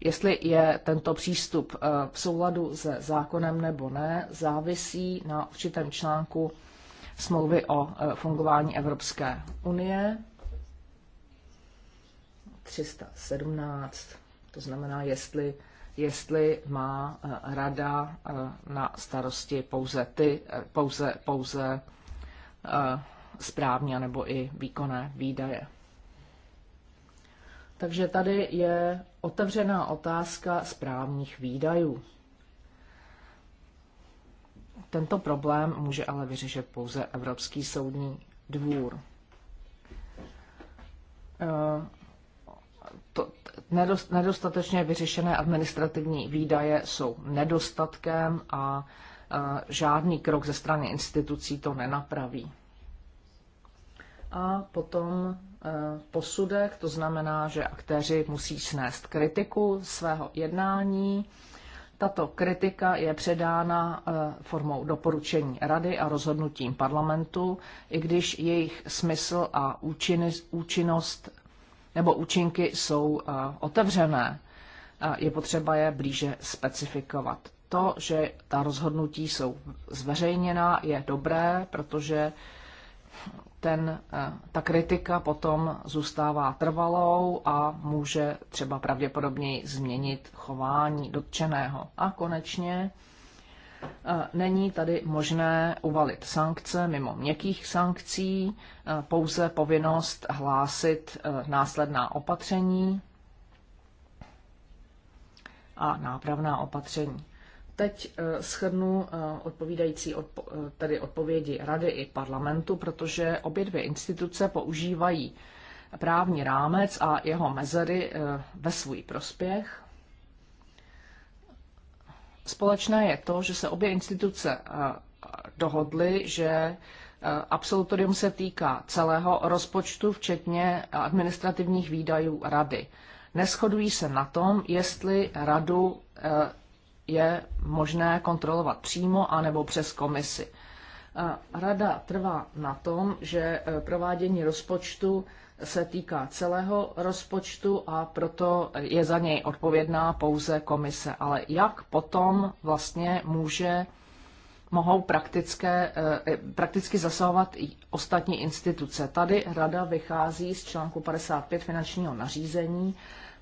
Jestli je tento přístup eh, v souladu se zákonem nebo ne, závisí na určitém článku smlouvy o eh, fungování Evropské unie 317. To znamená, jestli, jestli má eh, rada na starosti pouze ty, pouze, pouze správně nebo i výkonné výdaje. Takže tady je otevřená otázka správních výdajů. Tento problém může ale vyřešit pouze Evropský soudní dvůr. Eh, to, nedostatečně vyřešené administrativní výdaje jsou nedostatkem a eh, žádný krok ze strany institucí to nenapraví. A potom Eh, posudek, to znamená, že aktéři musí snést kritiku svého jednání. Tato kritika je předána eh, formou doporučení rady a rozhodnutím parlamentu, i když jejich smysl a účinnost nebo účinky jsou eh, otevřené. Je potřeba je blíže specifikovat. To, že ta rozhodnutí jsou zveřejněná, je dobré, protože ten, eh, ta kritika potom zůstává trvalou a může třeba pravděpodobně změnit chování dotčeného. A konečně eh, není tady možné uvalit sankce mimo měkkých sankcí, eh, pouze povinnost hlásit následná opatření a nápravná opatření. Teď eh, schrnu eh, odpovídající odpo, eh, tedy odpovědi Rady i parlamentu, protože obě dvě instituce používají právní rámec a jeho mezery ve svůj prospěch. Společné je to, že se obě instituce dohodly, že absolutorium se týká celého rozpočtu, včetně administrativních výdajů rady. Neschodují se na tom, jestli radu je možné kontrolovat přímo anebo přes komisi. Rada trvá na tom, že e, provádění rozpočtu se týká celého rozpočtu a proto je za něj odpovědná pouze komise. Ale jak potom vlastně může mohou praktické, e, e, prakticky zasahovat i ostatní instituce. Tady rada vychází z článku 55 finančního nařízení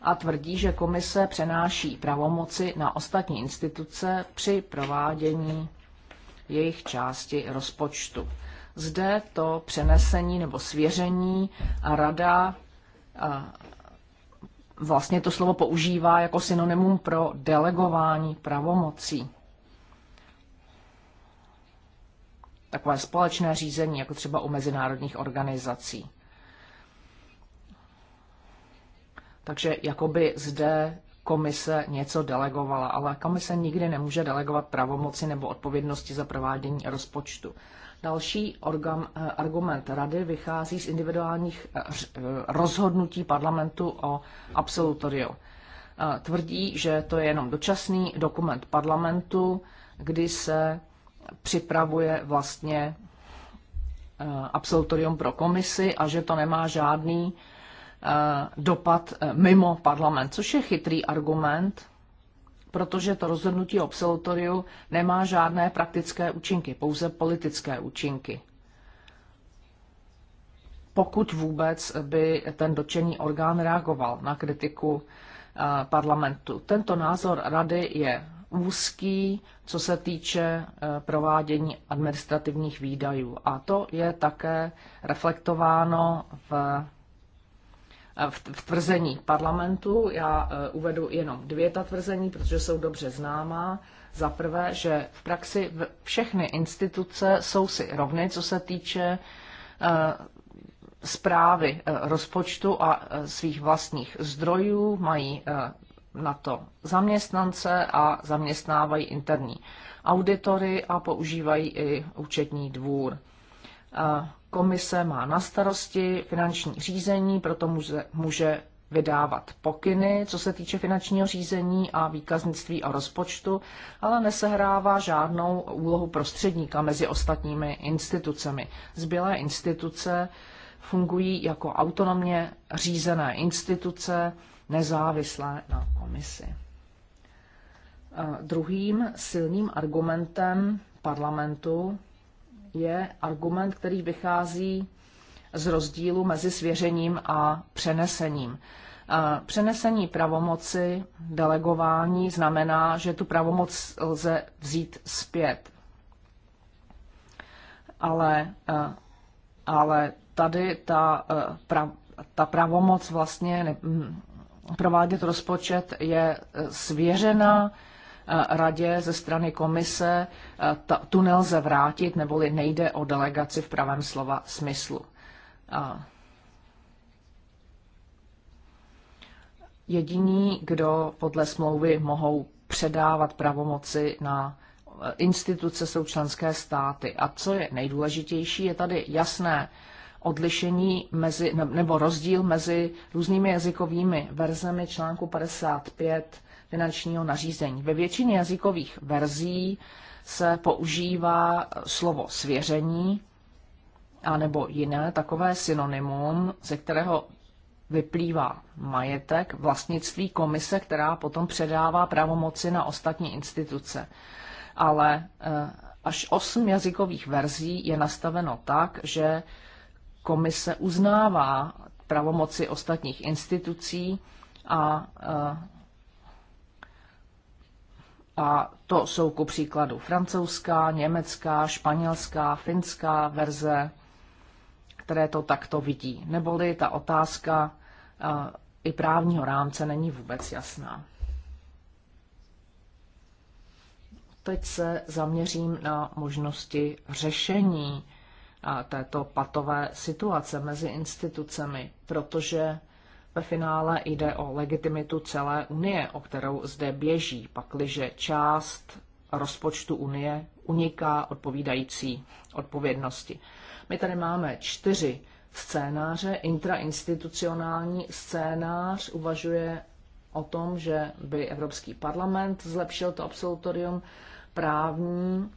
a tvrdí, že komise přenáší pravomoci na ostatní instituce při provádění jejich části rozpočtu. Zde to přenesení nebo svěření a rada a vlastně to slovo používá jako synonymum pro delegování pravomocí. Takové společné řízení, jako třeba u mezinárodních organizací. takže jakoby zde komise něco delegovala, ale komise nikdy nemůže delegovat pravomoci nebo odpovědnosti za provádění rozpočtu. Další organ, eh, argument rady vychází z individuálních eh, eh, rozhodnutí parlamentu o absolutoriu. Tvrdí, že to je jenom dočasný dokument parlamentu, kdy se připravuje vlastně absolutorium pro komisi a že to nemá žádný Eh, dopad eh, mimo parlament, což je chytrý argument, protože to rozhodnutí o absolutoriu nemá žádné praktické účinky, pouze politické účinky. Pokud vůbec by ten dotčený orgán reagoval na kritiku eh, parlamentu. Tento názor rady je úzký, co se týče provádění administrativních výdajů. A to je také reflektováno v v tvrzení parlamentu. Já e, uvedu jenom dvě ta tvrzení, protože jsou dobře známá. Za prvé, že v praxi všechny instituce jsou si rovny, co se týče e, zprávy e, rozpočtu a svých vlastních zdrojů, mají na to zaměstnance a zaměstnávají interní auditory a používají i účetní dvůr. Komise má na starosti finanční řízení, proto může, může vydávat pokyny, co se týče finančního řízení a výkaznictví a rozpočtu, ale nesehrává žádnou úlohu prostředníka mezi ostatními institucemi. Zbylé instituce fungují jako autonomně řízené instituce, nezávislé na komisi. Druhým silným argumentem parlamentu je argument, který vychází z rozdílu mezi svěřením a přenesením. Eh, přenesení pravomoci, delegování znamená, že tu pravomoc lze vzít zpět. Ale, eh, ale tady ta, eh, pra, ta pravomoc vlastně ne, hm, provádět rozpočet je svěřena Eh, radě ze strany komise, eh, tu nelze vrátit, neboli nejde o delegaci v pravém slova smyslu. Eh, jediní, kdo podle smlouvy mohou předávat pravomoci na instituce jsou členské státy. A co je nejdůležitější, je tady jasné odlišení mezi, nebo rozdíl mezi různými jazykovými verzemi článku 55 finančního nařízení. Ve většině jazykových verzí se používá slovo svěření anebo jiné takové synonymum, ze kterého vyplývá majetek, vlastnictví komise, která potom předává pravomoci na ostatní instituce. Ale eh, až osm jazykových verzí je nastaveno tak, že komise uznává pravomoci ostatních institucí a eh, a to jsou ku příkladu francouzská, německá, španělská, finská verze, které to takto vidí. Neboli ta otázka i právního rámce není vůbec jasná. Teď se zaměřím na možnosti řešení této patové situace mezi institucemi, protože ve finále jde o legitimitu celé Unie, o kterou zde běží, pakliže část rozpočtu Unie uniká odpovídající odpovědnosti. My tady máme čtyři scénáře. Intrainstitucionální scénář uvažuje o tom, že by Evropský parlament zlepšil to absolutorium právní,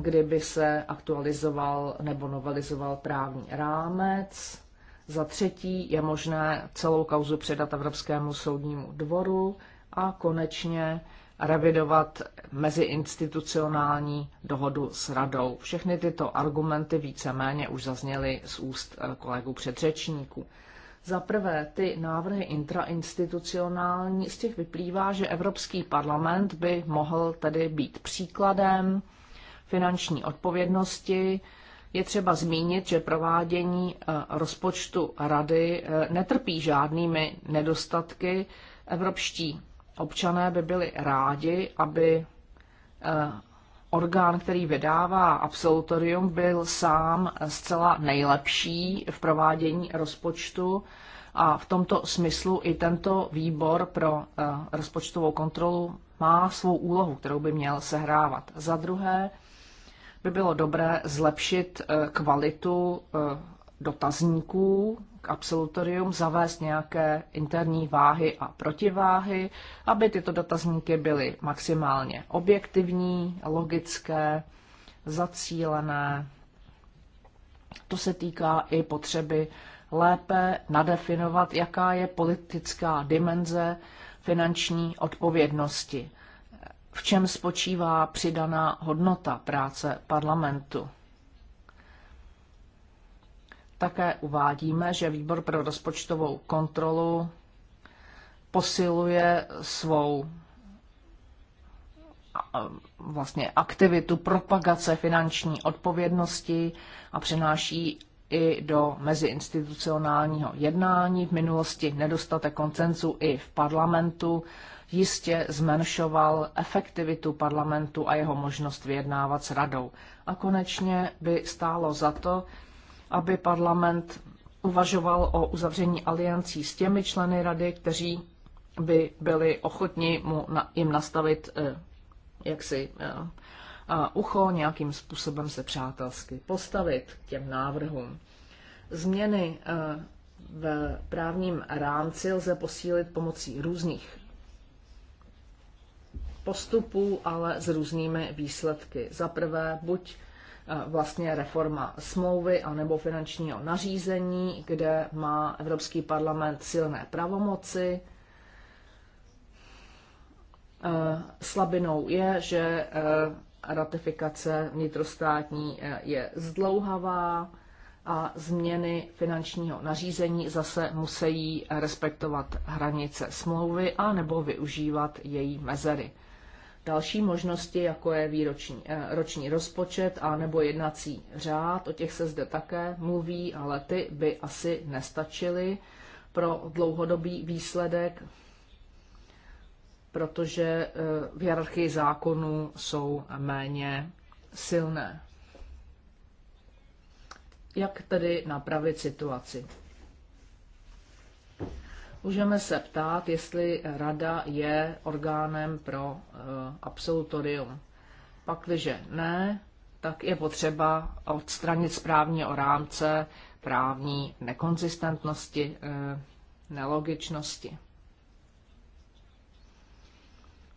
kdyby se aktualizoval nebo novelizoval právní rámec, za třetí je možné celou kauzu předat Evropskému soudnímu dvoru a konečně revidovat meziinstitucionální dohodu s radou. Všechny tyto argumenty víceméně už zazněly z úst eh, kolegů předřečníků. Za prvé, ty návrhy intrainstitucionální, z těch vyplývá, že Evropský parlament by mohl tedy být příkladem finanční odpovědnosti, je třeba zmínit, že provádění eh, rozpočtu rady eh, netrpí žádnými nedostatky. Evropští občané by byli rádi, aby eh, orgán, který vydává absolutorium, byl sám zcela nejlepší v provádění rozpočtu. A v tomto smyslu i tento výbor pro rozpočtovou kontrolu má svou úlohu, kterou by měl sehrávat. Za druhé, by bylo dobré zlepšit eh, kvalitu eh, dotazníků k absolutorium, zavést nějaké interní váhy a protiváhy, aby tyto dotazníky byly maximálně objektivní, logické, zacílené. To se týká i potřeby lépe nadefinovat, jaká je politická dimenze finanční odpovědnosti v čem spočívá přidaná hodnota práce parlamentu. Také uvádíme, že výbor pro rozpočtovou kontrolu posiluje svou vlastně aktivitu propagace finanční odpovědnosti a přenáší i do meziinstitucionálního jednání. V minulosti nedostatek koncenzu i v parlamentu jistě zmenšoval efektivitu parlamentu a jeho možnost vyjednávat s radou. A konečně by stálo za to, aby parlament uvažoval o uzavření aliancí s těmi členy rady, kteří by byli ochotni mu na, jim nastavit eh, jaksi eh, eh ucho, nějakým způsobem se přátelsky postavit k těm návrhům. Změny eh, v právním rámci lze posílit pomocí různých postupů, ale s různými výsledky. Za prvé, buď eh, vlastně reforma smlouvy a nebo finančního nařízení, kde má Evropský parlament silné pravomoci. Eh, slabinou je, že eh, ratifikace vnitrostátní je zdlouhavá a změny finančního nařízení zase musí respektovat hranice smlouvy a nebo využívat její mezery další možnosti, jako je výroční, eh, roční rozpočet a nebo jednací řád, o těch se zde také mluví, ale ty by asi nestačily pro dlouhodobý výsledek, protože eh, v hierarchii zákonů jsou méně silné. Jak tedy napravit situaci? Můžeme se ptát, jestli rada je orgánem pro eh, absolutorium. Pakliže ne, tak je potřeba odstranit správně o rámce právní nekonzistentnosti, eh, nelogičnosti.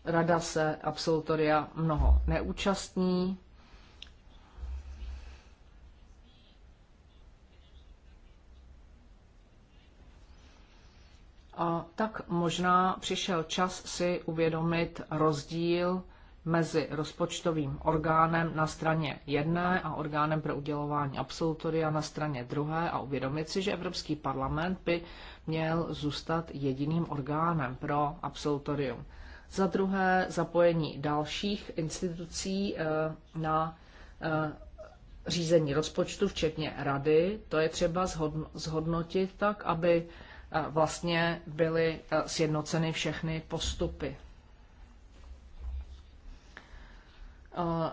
Rada se absolutoria mnoho neúčastní, tak možná přišel čas si uvědomit rozdíl mezi rozpočtovým orgánem na straně jedné a orgánem pro udělování absolutoria na straně druhé a uvědomit si, že Evropský parlament by měl zůstat jediným orgánem pro absolutorium. Za druhé zapojení dalších institucí eh, na eh, řízení rozpočtu, včetně rady, to je třeba zhodnotit tak, aby vlastně byly eh, sjednoceny všechny postupy. Eh,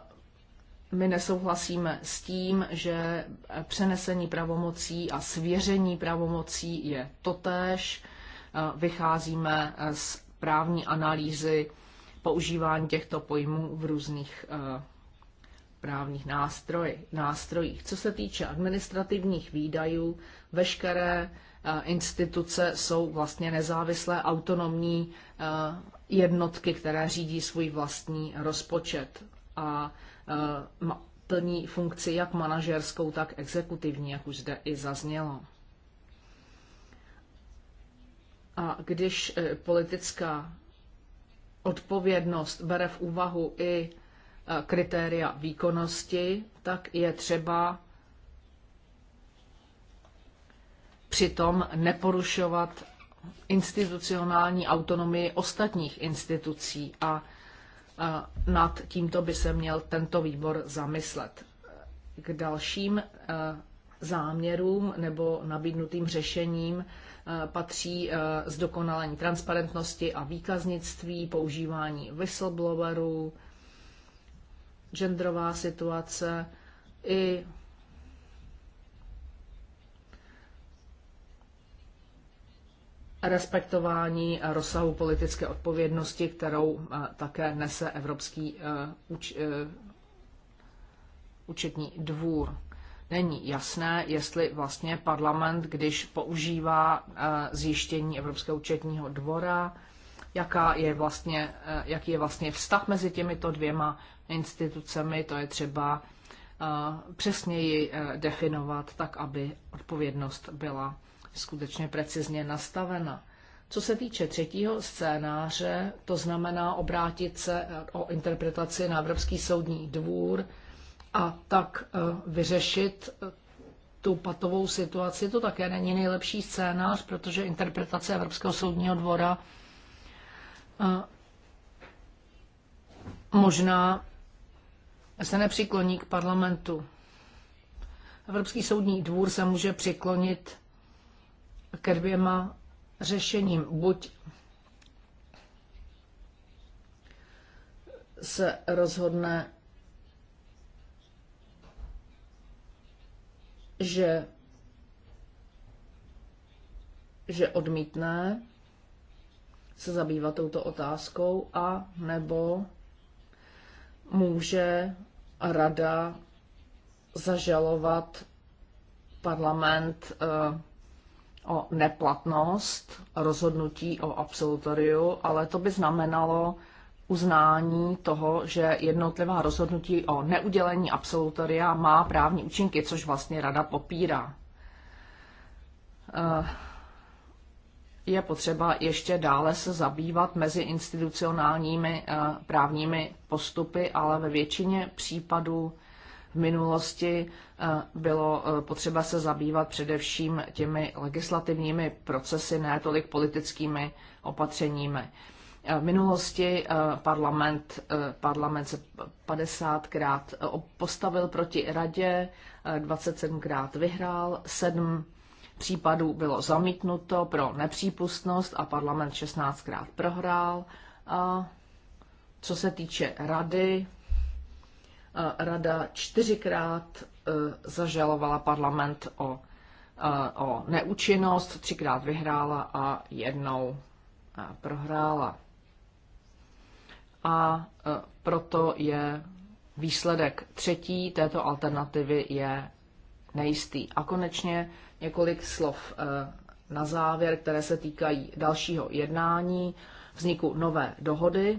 my nesouhlasíme s tím, že přenesení pravomocí a svěření pravomocí je totéž. Eh, vycházíme z právní analýzy používání těchto pojmů v různých právních nástroj, nástrojích. Co se týče administrativních výdajů, veškeré eh, instituce jsou vlastně nezávislé autonomní eh, jednotky, které řídí svůj vlastní rozpočet a eh, plní funkci jak manažerskou, tak exekutivní, jak už zde i zaznělo. A když politická odpovědnost bere v úvahu i Eh, kritéria výkonnosti, tak je třeba přitom neporušovat institucionální autonomii ostatních institucí a eh, nad tímto by se měl tento výbor zamyslet. K dalším eh, záměrům nebo nabídnutým řešením patří zdokonalení transparentnosti a výkaznictví, používání whistleblowerů, genderová situace i respektování rozsahu politické odpovědnosti, kterou eh, také nese Evropský eh, uč, eh, účetní dvůr. Není jasné, jestli vlastně parlament, když používá zjištění Evropského účetního dvora, jaká je vlastně, jaký je vlastně vztah mezi těmito dvěma institucemi, to je třeba eh, přesněji eh, definovat, tak aby odpovědnost byla skutečně precizně nastavena. Co se týče třetího scénáře, to znamená obrátit se eh, o interpretaci na Evropský soudní dvůr a tak vyřešit tu patovou situaci, to také není nejlepší scénář, protože interpretace Evropského soudního dvora možná se nepřikloní k parlamentu. Evropský soudní dvůr se může přiklonit ke dvěma řešením. Buď se rozhodne, že, že odmítne se zabývat touto otázkou a nebo může rada zažalovat parlament eh, o neplatnost rozhodnutí o absolutoriu, ale to by znamenalo uznání toho, že jednotlivá rozhodnutí o neudělení absolutoria má právní účinky, což vlastně rada popírá. Eh, je potřeba ještě dále se zabývat mezi institucionálními eh, právními postupy, ale ve většině případů v minulosti eh, bylo eh, potřeba se zabývat především těmi legislativními procesy, ne tolik politickými opatřeními. V minulosti parlament, parlament se 50krát postavil proti radě, 27krát vyhrál, 7 případů bylo zamítnuto pro nepřípustnost a parlament 16krát prohrál. A co se týče rady, eh, rada čtyřikrát eh, zažalovala parlament o, eh, o neúčinnost, třikrát vyhrála a jednou prohrála. A proto je výsledek třetí této alternativy je nejistý. A konečně několik slov eh, na závěr, které se týkají dalšího jednání, vzniku nové dohody.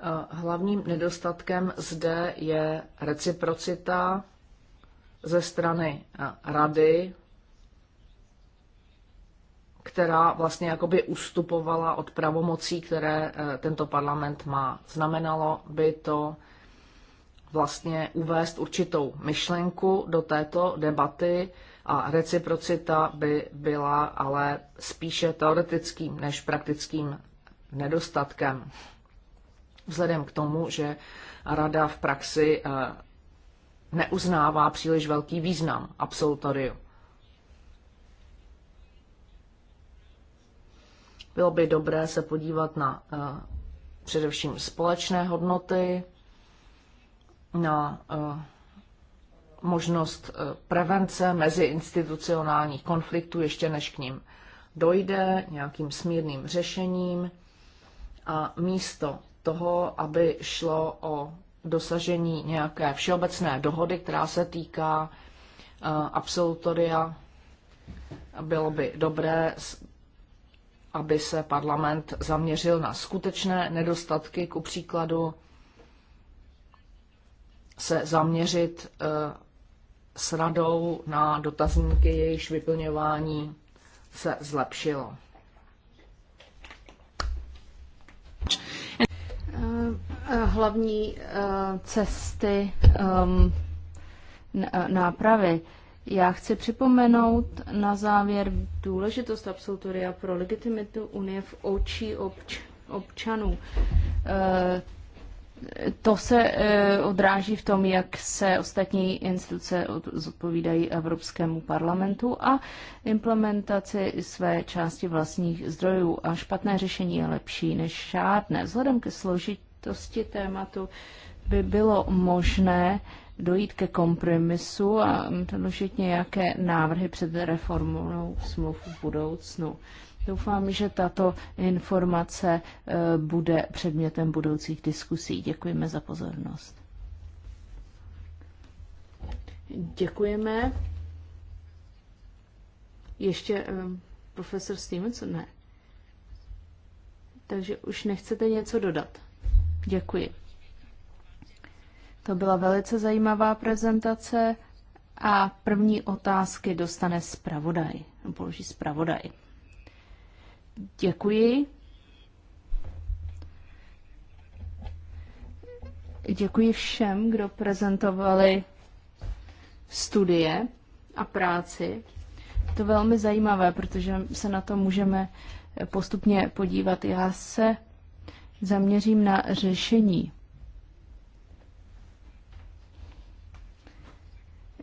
Eh, hlavním nedostatkem zde je reciprocita ze strany eh, rady, která vlastně jakoby ustupovala od pravomocí, které tento parlament má. Znamenalo by to, vlastně uvést určitou myšlenku do této debaty a reciprocita by byla ale spíše teoretickým než praktickým nedostatkem. Vzhledem k tomu, že rada v praxi eh, neuznává příliš velký význam absolutoriu. Bylo by dobré se podívat na eh, především společné hodnoty, na eh, možnost eh, prevence meziinstitucionálních konfliktů, ještě než k ním dojde, nějakým smírným řešením. A místo toho, aby šlo o dosažení nějaké všeobecné dohody, která se týká eh, absolutoria, bylo by dobré, aby se parlament zaměřil na skutečné nedostatky, ku příkladu se zaměřit eh, s radou na dotazníky, jejichž vyplňování se zlepšilo. Eh, eh, hlavní cesty ehm, nápravy. Já chci připomenout na závěr důležitost absolutoria pro legitimitu Unie v očí obč- občanů to se eh, odráží v tom, jak se ostatní instituce zodpovídají Evropskému parlamentu a implementaci své části vlastních zdrojů. A špatné řešení je lepší než žádné. Vzhledem ke složitosti tématu by bylo možné dojít ke kompromisu a předložit nějaké návrhy před reformou smluv v budoucnu. Doufám, že tato informace eh, bude předmětem budoucích diskusí. Děkujeme za pozornost. Děkujeme. Ještě um, profesor Stevenson? Ne. Takže už nechcete něco dodat. Děkuji. To byla velice zajímavá prezentace a první otázky dostane zpravodaj, položí zpravodaj. Děkuji. Děkuji všem, kdo prezentovali studie a práci. To velmi zajímavé, protože se na to můžeme postupně podívat. Já se zaměřím na řešení.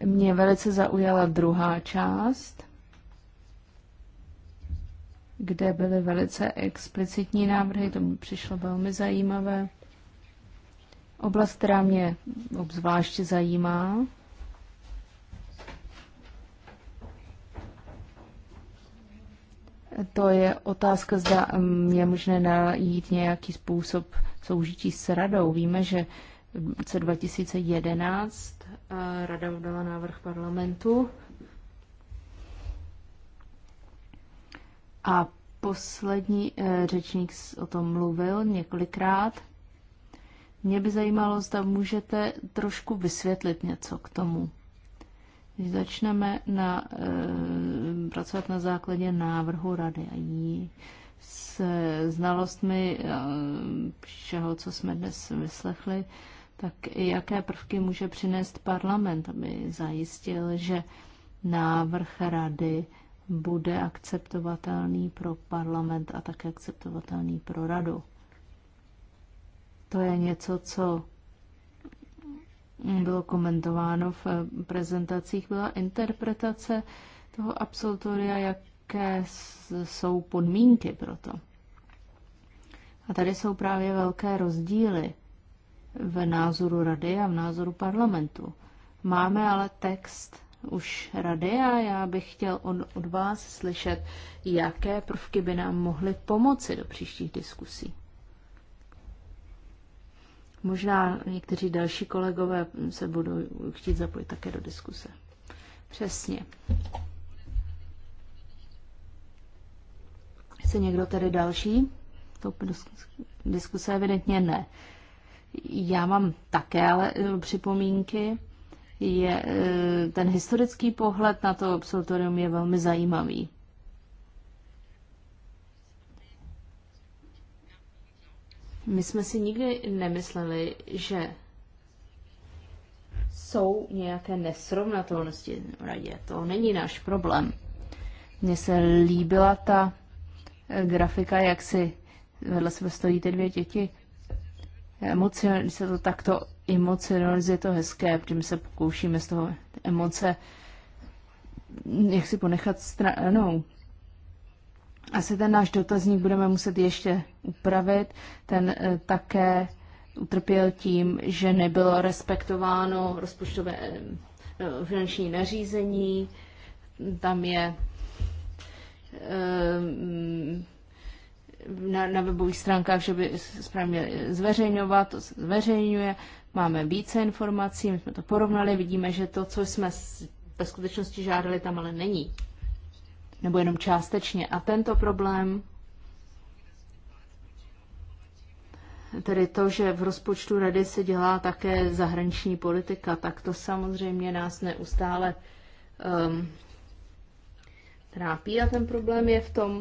Mě velice zaujala druhá část kde byly velice explicitní návrhy, to mi přišlo velmi zajímavé. Oblast, která mě obzvláště zajímá, to je otázka, zda mm, je možné najít nějaký způsob soužití s radou. Víme, že v roce 2011 eh, rada udala návrh parlamentu, A poslední eh, řečník o tom mluvil několikrát. Mě by zajímalo, zda můžete trošku vysvětlit něco k tomu. Když začneme na, e, pracovat na základě návrhu rady a jí s eh, znalostmi e, všeho, co jsme dnes vyslechli, tak jaké prvky může přinést parlament, aby zajistil, že návrh rady e, bude akceptovatelný pro parlament a také akceptovatelný pro radu. To je něco, co bylo komentováno v prezentacích, byla interpretace toho absolutoria, jaké jsou podmínky pro to. A tady jsou právě velké rozdíly v názoru rady a v názoru parlamentu. Máme ale text už rady a já bych chtěl on, od vás slyšet, jaké prvky by nám mohly pomoci do příštích diskusí. Možná někteří další kolegové se budou chtít zapojit také do diskuse. Přesně. Chce někdo tedy další? To diskuse evidentně ne. Já mám také ale e, připomínky je, e, ten historický pohled na to absolutorium je velmi zajímavý. My jsme si nikdy nemysleli, že jsou nějaké nesrovnatelnosti v radě. To není náš problém. Mně se líbila ta e, grafika, jak si vedle sebe stojí ty dvě děti. Emocionálně se to takto emocionalizuje no, to hezké, protože se pokoušíme z toho emoce jak si ponechat stranou. Asi ten náš dotazník budeme muset ještě upravit. Ten eh, také utrpěl tím, že nebylo respektováno rozpočtové eh, eh, finanční nařízení. Tam je na, na webových stránkách, že by správně zveřejňovat, to se zveřejňuje, máme více informací, my jsme to porovnali, vidíme, že to, co jsme ve skutečnosti žádali, tam ale není. Nebo jenom částečně. A tento problém, tedy to, že v rozpočtu rady se dělá také zahraniční politika, tak to samozřejmě nás neustále um, trápí. A ten problém je v tom,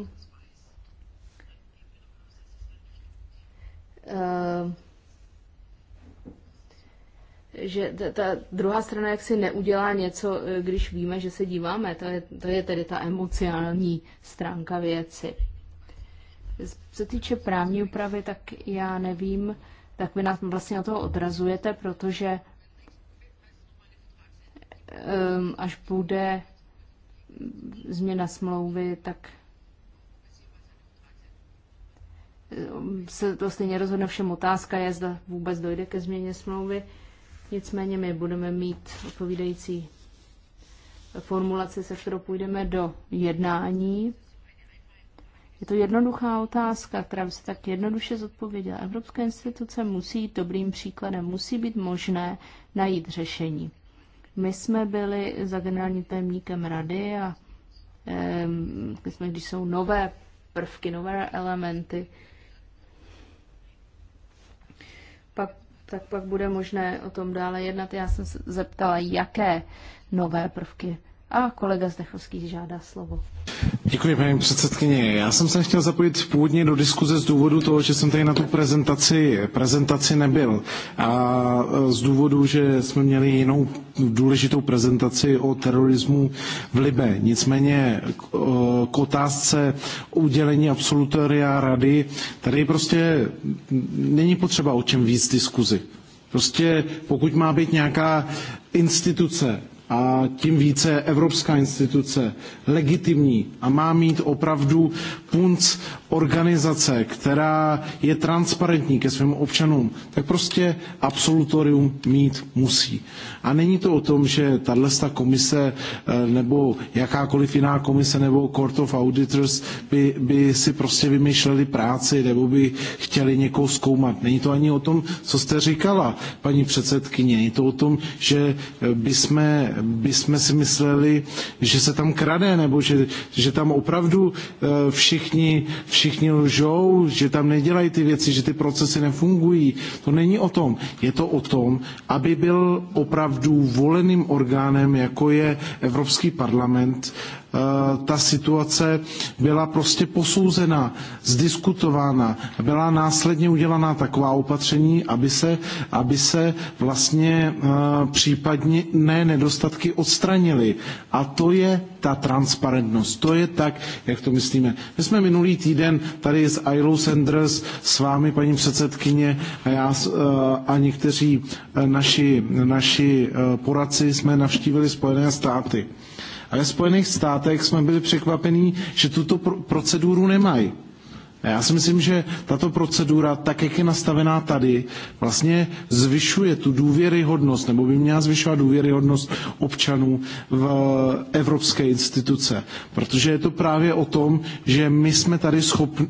um, že ta, ta druhá strana jaksi neudělá něco, eh, když víme, že se díváme. To je, to je tedy ta emocionální stránka věci. Co se týče právní úpravy, tak já nevím, tak vy nás vlastně na toho odrazujete, protože um, až bude změna smlouvy, tak ehm, se to stejně rozhodne všem otázka je, zda vůbec dojde ke změně smlouvy. Uh, Nicméně my budeme mít odpovídající formulaci, se kterou půjdeme do jednání. Je to jednoduchá otázka, která by se tak jednoduše zodpověděla. Evropské instituce musí jít dobrým příkladem, musí být možné najít řešení. My jsme byli za generálním tajemníkem rady a e, jsme, když jsou nové prvky, nové elementy, pak tak pak bude možné o tom dále jednat. Já jsem se zeptala, jaké nové prvky a kolega Zdechovský žádá slovo. Děkuji, paní předsedkyně. Já jsem se chtěl zapojit původně do diskuze z důvodu toho, že jsem tady na tu prezentaci, prezentaci nebyl. A e, z důvodu, že jsme měli jinou důležitou prezentaci o terorismu v Libe. Nicméně e, k otázce udělení absolutoria rady, tady prostě není potřeba o čem víc diskuzi. Prostě pokud má být nějaká instituce, a tím více evropská instituce legitimní a má mít opravdu punc organizace, která je transparentní ke svým občanům, tak prostě absolutorium mít musí. A není to o tom, že tato komise eh, nebo jakákoliv jiná komise nebo Court of Auditors by, by si prostě vymýšleli práci nebo by chtěli někoho zkoumat. Není to ani o tom, co jste říkala, paní předsedkyně. Je to o tom, že eh, by jsme bychom si mysleli, že se tam krade, nebo že, že tam opravdu eh, všichni, všichni lžou, že tam nedělají ty věci, že ty procesy nefungují. To není o tom. Je to o tom, aby byl opravdu voleným orgánem, jako je Evropský parlament, Eh, ta situace byla prostě posouzena, zdiskutována, byla následně udělaná taková opatření, aby se, aby se vlastně eh, případně ne nedostatky odstranily. A to je ta transparentnost. To je tak, jak to myslíme. My jsme minulý týden tady s Ailou Sanders, s vámi, paní předsedkyně, a já eh, a někteří naši, naši poradci jsme navštívili Spojené státy. A ve Spojených státech jsme byli překvapení, že tuto proceduru nemají. A já si myslím, že tato procedura, tak jak je nastavená tady, vlastně zvyšuje tu důvěryhodnost, nebo by měla zvyšovat důvěryhodnost občanů v eh, evropské instituce. Protože je to právě o tom, že my jsme tady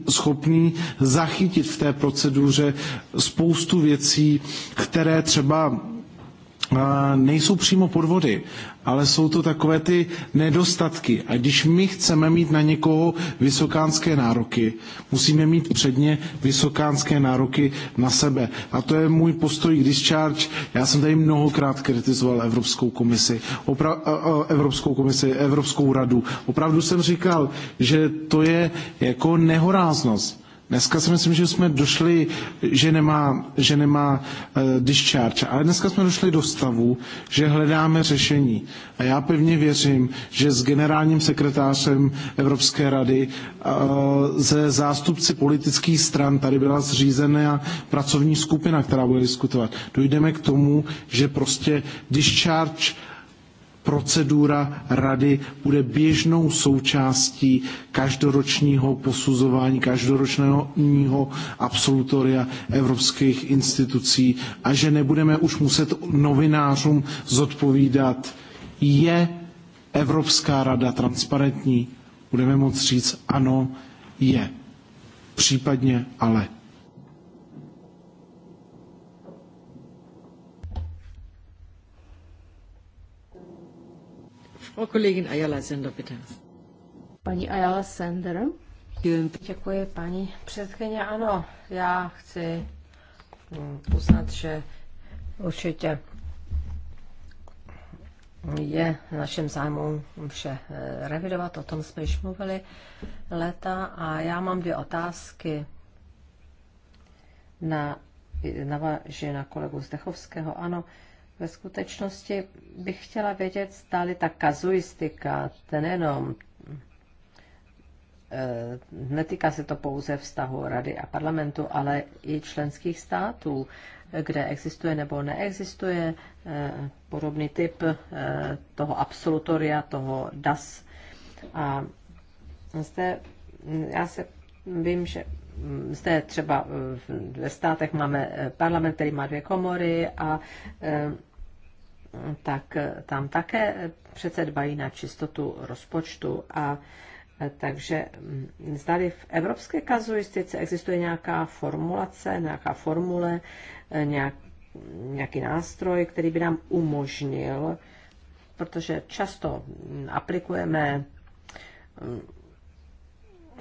schopní zachytit v té proceduře spoustu věcí, které třeba nejsou přímo podvody, ale jsou to takové ty nedostatky. A když my chceme mít na někoho vysokánské nároky, musíme mít předně vysokánské nároky na sebe. A to je můj postoj k discharge. Já jsem tady mnohokrát kritizoval Evropskou komisi, opra- Evropskou komisi, Evropskou radu. Opravdu jsem říkal, že to je jako nehoráznost. Dneska si myslím, že jsme došli, že nemá, že nemá uh, discharge, ale dneska jsme došli do stavu, že hledáme řešení. A já pevně věřím, že s generálním sekretářem Evropské rady, uh, ze zástupci politických stran, tady byla zřízena pracovní skupina, která bude diskutovat. Dojdeme k tomu, že prostě discharge procedura rady bude běžnou součástí každoročního posuzování, každoročního absolutoria evropských institucí a že nebudeme už muset novinářům zodpovídat, je Evropská rada transparentní, budeme moct říct ano, je. Případně ale. Frau Kollegin Ayala Sender, bitte. Paní Ayala Sender. Děkuji, paní předkyně. Ano, já chci hm, uznat, že určitě je našem zájmu vše eh, revidovat, o tom jsme již mluvili leta a já mám dvě otázky na, na, na kolegu Zdechovského. Ano, ve skutečnosti bych chtěla vědět, stále ta kazuistika, ten jenom eh, netýká se to pouze vztahu Rady a parlamentu, ale i členských států, kde existuje nebo neexistuje eh, podobný typ eh, toho absolutoria, toho DAS. A zde mm, já se vím, že zde třeba eh, ve státech máme eh, parlament, který má dvě komory a eh, tak tam také přece dbají na čistotu rozpočtu a takže hm, zdali v evropské kazuistice existuje nějaká formulace, nějaká formule, nějak, nějaký nástroj, který by nám umožnil, protože často hm, aplikujeme hm,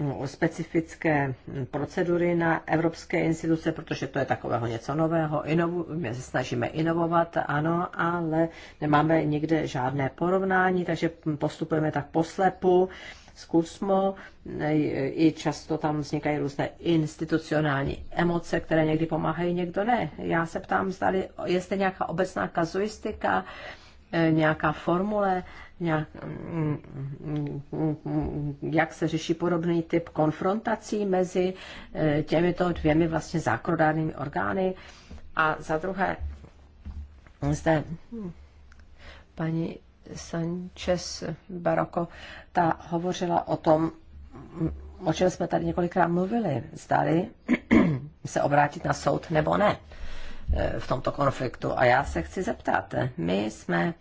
Mm, specifické procedury na evropské instituce, protože to je takového něco nového. Inovu, my se snažíme inovovat, ano, ale nemáme nikde žádné porovnání, takže postupujeme tak poslepu. Zkusmo, i často tam vznikají různé institucionální emoce, které někdy pomáhají, někdo ne. Já se ptám, zdali, jestli nějaká obecná kazuistika, nějaká formule, nějak, mm, jak se řeší podobný typ konfrontací mezi eh, těmito dvěmi vlastně zákonodárnými orgány. A za druhé, zde paní Sanchez Baroko, ta hovořila o tom, mm, o čem jsme tady několikrát mluvili, zdali se obrátit na soud nebo ne. Eh, v tomto konfliktu. A já se chci zeptat, eh, my jsme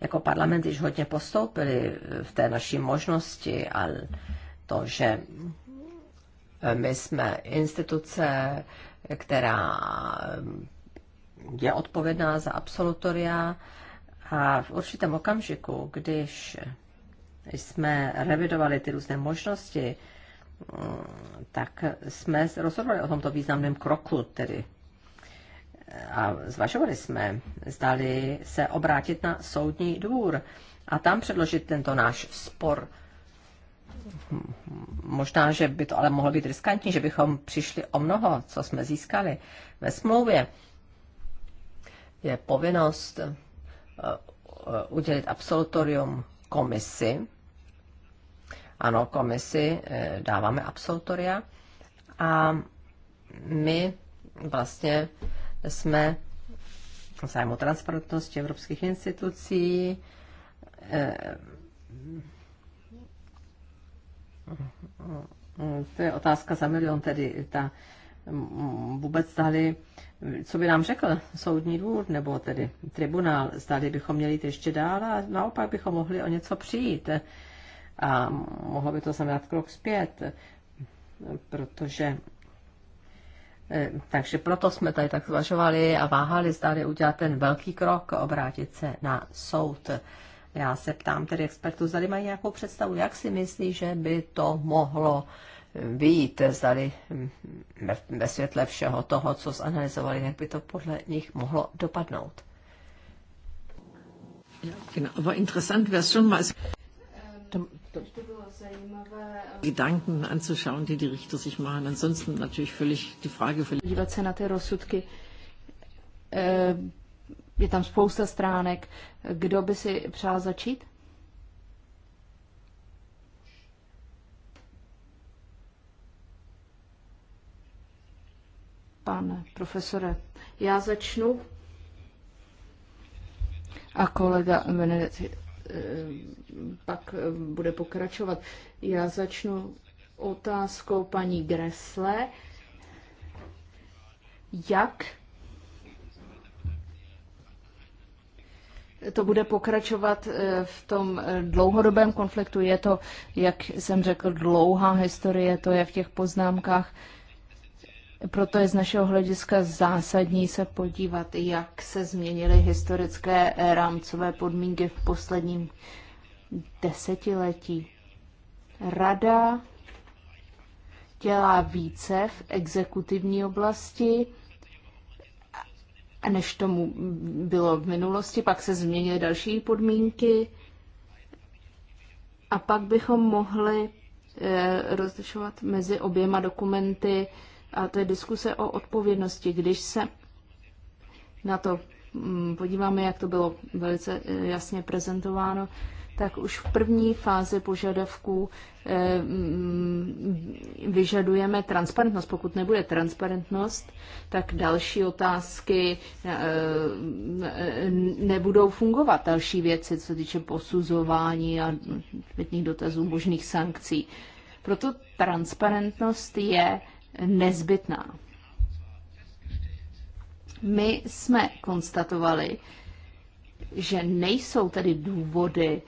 jako parlament již hodně postoupili eh, v té naší možnosti, ale to, že my jsme instituce, která je odpovědná za absolutoria a v určitém okamžiku, když jsme revidovali ty různé možnosti, mm, tak jsme rozhodovali o tomto významném kroku, tedy a zvažovali jsme, zdali se obrátit na soudní dvůr a tam předložit tento náš spor. Možná, že by to ale mohlo být riskantní, že bychom přišli o mnoho, co jsme získali. Ve smlouvě je povinnost eh, udělit absolutorium komisi. Ano, komisi eh, dáváme absolutoria a my vlastně jsme v zájmu transparentnosti evropských institucí eh, to je otázka za milion, tedy ta vůbec dali co by nám řekl soudní dvůr nebo tedy tribunál, zdali bychom měli jít ještě dál a naopak bychom mohli o něco přijít. A mohlo by to znamenat krok zpět, protože Eh, takže proto jsme tady tak zvažovali a váhali, zdali udělat ten velký krok, obrátit se na soud. Já se ptám tedy expertů, zdali mají nějakou představu, jak si myslí, že by to mohlo být, eh, zdali hm, ve světle všeho toho, co zanalizovali, jak by to podle nich mohlo dopadnout. Ja, genau. Aber interessant wäre schon mal. Ähm, Eh, Gedanken anzuschauen, die die Richter sich machen. Ansonsten natürlich völlig die Frage... Dívat se na ty rozsudky. Eh, je tam spousta stránek. Kdo by si přál začít? Pane profesore, já začnu a kolega Benedikt Eh, pak eh, bude pokračovat. Já začnu otázkou paní Gresle. Jak to bude pokračovat eh, v tom dlouhodobém konfliktu? Je to, jak jsem řekl, dlouhá historie, to je v těch poznámkách proto je z našeho hlediska zásadní se podívat, jak se změnily historické rámcové podmínky v posledním desetiletí. Rada dělá více v exekutivní oblasti, než tomu bylo v minulosti, pak se změnily další podmínky a pak bychom mohli eh, rozlišovat mezi oběma dokumenty a to je diskuse o odpovědnosti. Když se na to mm, podíváme, jak to bylo velice eh, jasně prezentováno, tak už v první fázi požadavků eh, mm, vyžadujeme transparentnost. Pokud nebude transparentnost, tak další otázky eh, nebudou fungovat. Další věci, co se týče posuzování a dotazů možných sankcí. Proto transparentnost je nezbytná. My jsme konstatovali, že nejsou tedy důvody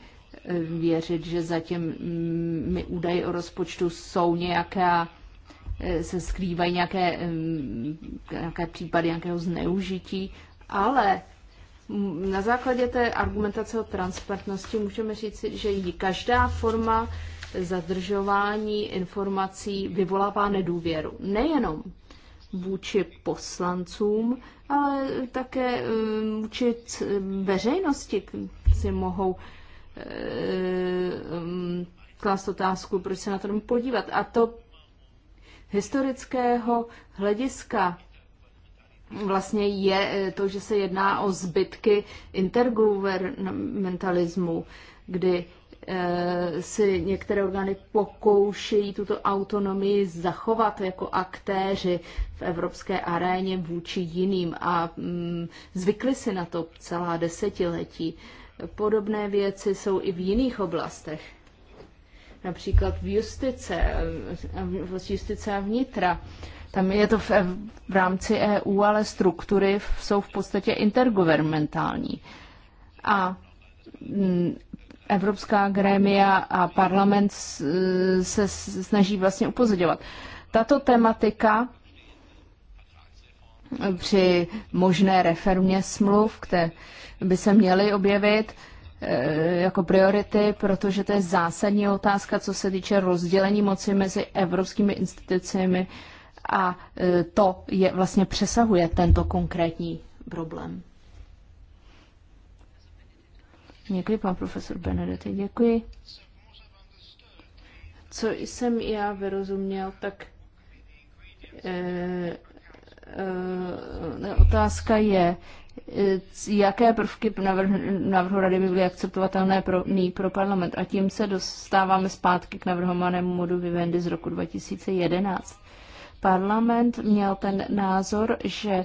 eh, věřit, že zatím mm, my údaje o rozpočtu jsou nějaká, eh, se skrývají nějaké, mm, nějaké případy nějakého zneužití, ale mm, na základě té argumentace o transparentnosti můžeme říct, že každá forma zadržování informací vyvolává nedůvěru. Nejenom vůči poslancům, ale také eh, vůči veřejnosti si mohou eh, mm, klást otázku, proč se na to podívat. A to historického hlediska vlastně je eh, to, že se jedná o zbytky intergovernmentalismu, kdy Eh, si některé orgány pokoušejí tuto autonomii zachovat jako aktéři v evropské aréně vůči jiným a mm, zvykli si na to celá desetiletí. Podobné věci jsou i v jiných oblastech. Například v justice, eh, v justice a vnitra. Tam je to v, eh, v rámci EU, ale struktury jsou v podstatě intergovernmentální. A mm, evropská grémia a parlament se snaží vlastně upozorňovat. Tato tematika při možné reformě smluv, které by se měly objevit e, jako priority, protože to je zásadní otázka, co se týče rozdělení moci mezi evropskými institucemi a e, to je vlastně přesahuje tento konkrétní problém. Děkuji, pan profesor Benedetti, děkuji. Co jsem já vyrozuměl, tak e, e, otázka je, jaké prvky navrhu, navrhu rady by byly akceptovatelné pro, ní, pro parlament. A tím se dostáváme zpátky k navrhovanému modu Vivendi z roku 2011. Parlament měl ten názor, že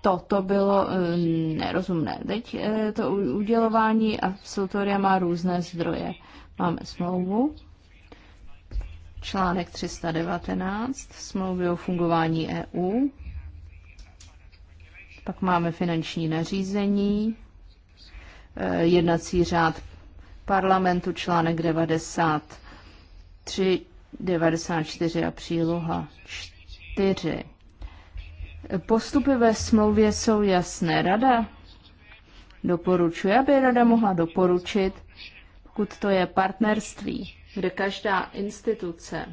to, to bylo eh, nerozumné. Teď eh, to udělování absolutoria má různé zdroje. Máme smlouvu, článek 319, smlouvy o fungování EU, pak máme finanční nařízení, eh, jednací řád parlamentu, článek 93, 94 a příloha 4. Postupy ve smlouvě jsou jasné. Rada doporučuje, aby rada mohla doporučit, pokud to je partnerství, kde každá instituce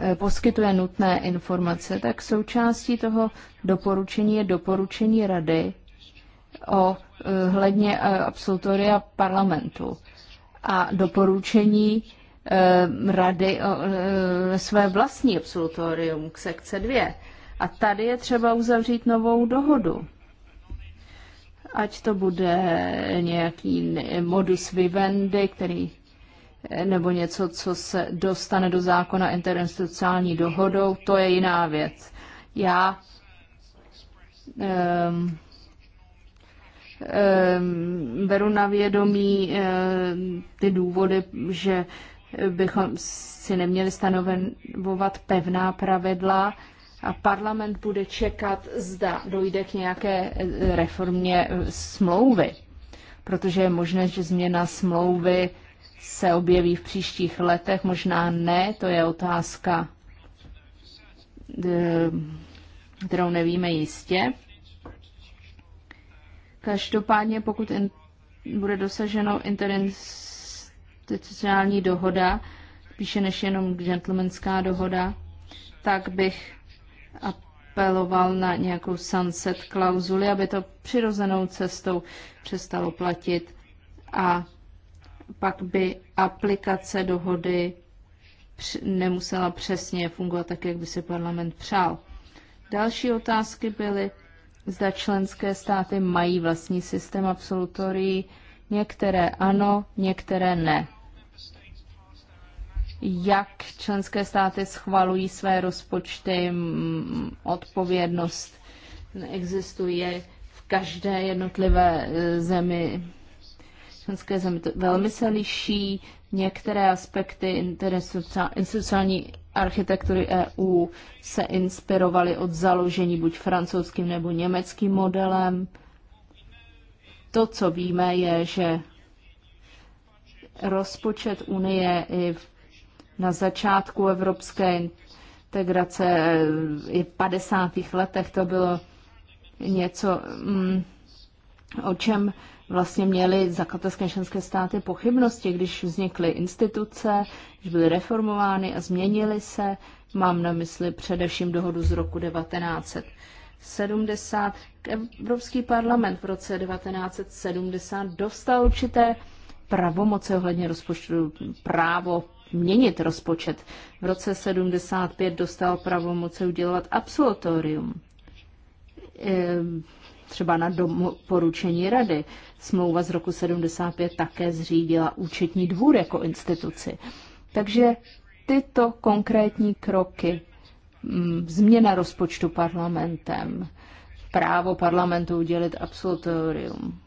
eh, poskytuje nutné informace, tak součástí toho doporučení je doporučení rady o eh, hledně eh, absolutoria parlamentu a doporučení rady o své vlastní absolutorium k sekce 2. A tady je třeba uzavřít novou dohodu. Ať to bude nějaký modus vivendi, který nebo něco, co se dostane do zákona interinstitucionální dohodou, to je jiná věc. Já um, um, beru na vědomí um, ty důvody, že bychom si neměli stanovovat pevná pravidla, a parlament bude čekat, zda dojde k nějaké e, reformě e, smlouvy, protože je možné, že změna smlouvy se objeví v příštích letech, možná ne, to je otázka, e, kterou nevíme jistě. Každopádně, pokud in, bude dosaženo interinstitucionální dohoda, spíše než jenom gentlemanská dohoda, tak bych apeloval na nějakou sunset klauzuli, aby to přirozenou cestou přestalo platit a pak by aplikace dohody nemusela přesně fungovat tak, jak by si parlament přál. Další otázky byly, zda členské státy mají vlastní systém absolutorií. Některé ano, některé ne jak členské státy schvalují své rozpočty, odpovědnost existuje v každé jednotlivé e, zemi. Členské zemi to velmi se liší, některé aspekty institucionální architektury EU se inspirovaly od založení buď francouzským nebo německým modelem. To, co víme, je, že rozpočet Unie i v na začátku evropské integrace eh, i v 50. letech. To bylo něco, mm, o čem vlastně měly zakatelské členské státy pochybnosti, když vznikly instituce, když byly reformovány a změnily se. Mám na mysli především dohodu z roku 1970. Evropský parlament v roce 1970 dostal určité pravomoce ohledně rozpočtu, právo měnit rozpočet. V roce 75 dostal pravomoce udělovat absolutorium. E, třeba na doporučení rady. Smlouva z roku 75 také zřídila účetní dvůr jako instituci. Takže tyto konkrétní kroky, mm, změna rozpočtu parlamentem, právo parlamentu udělit absolutorium,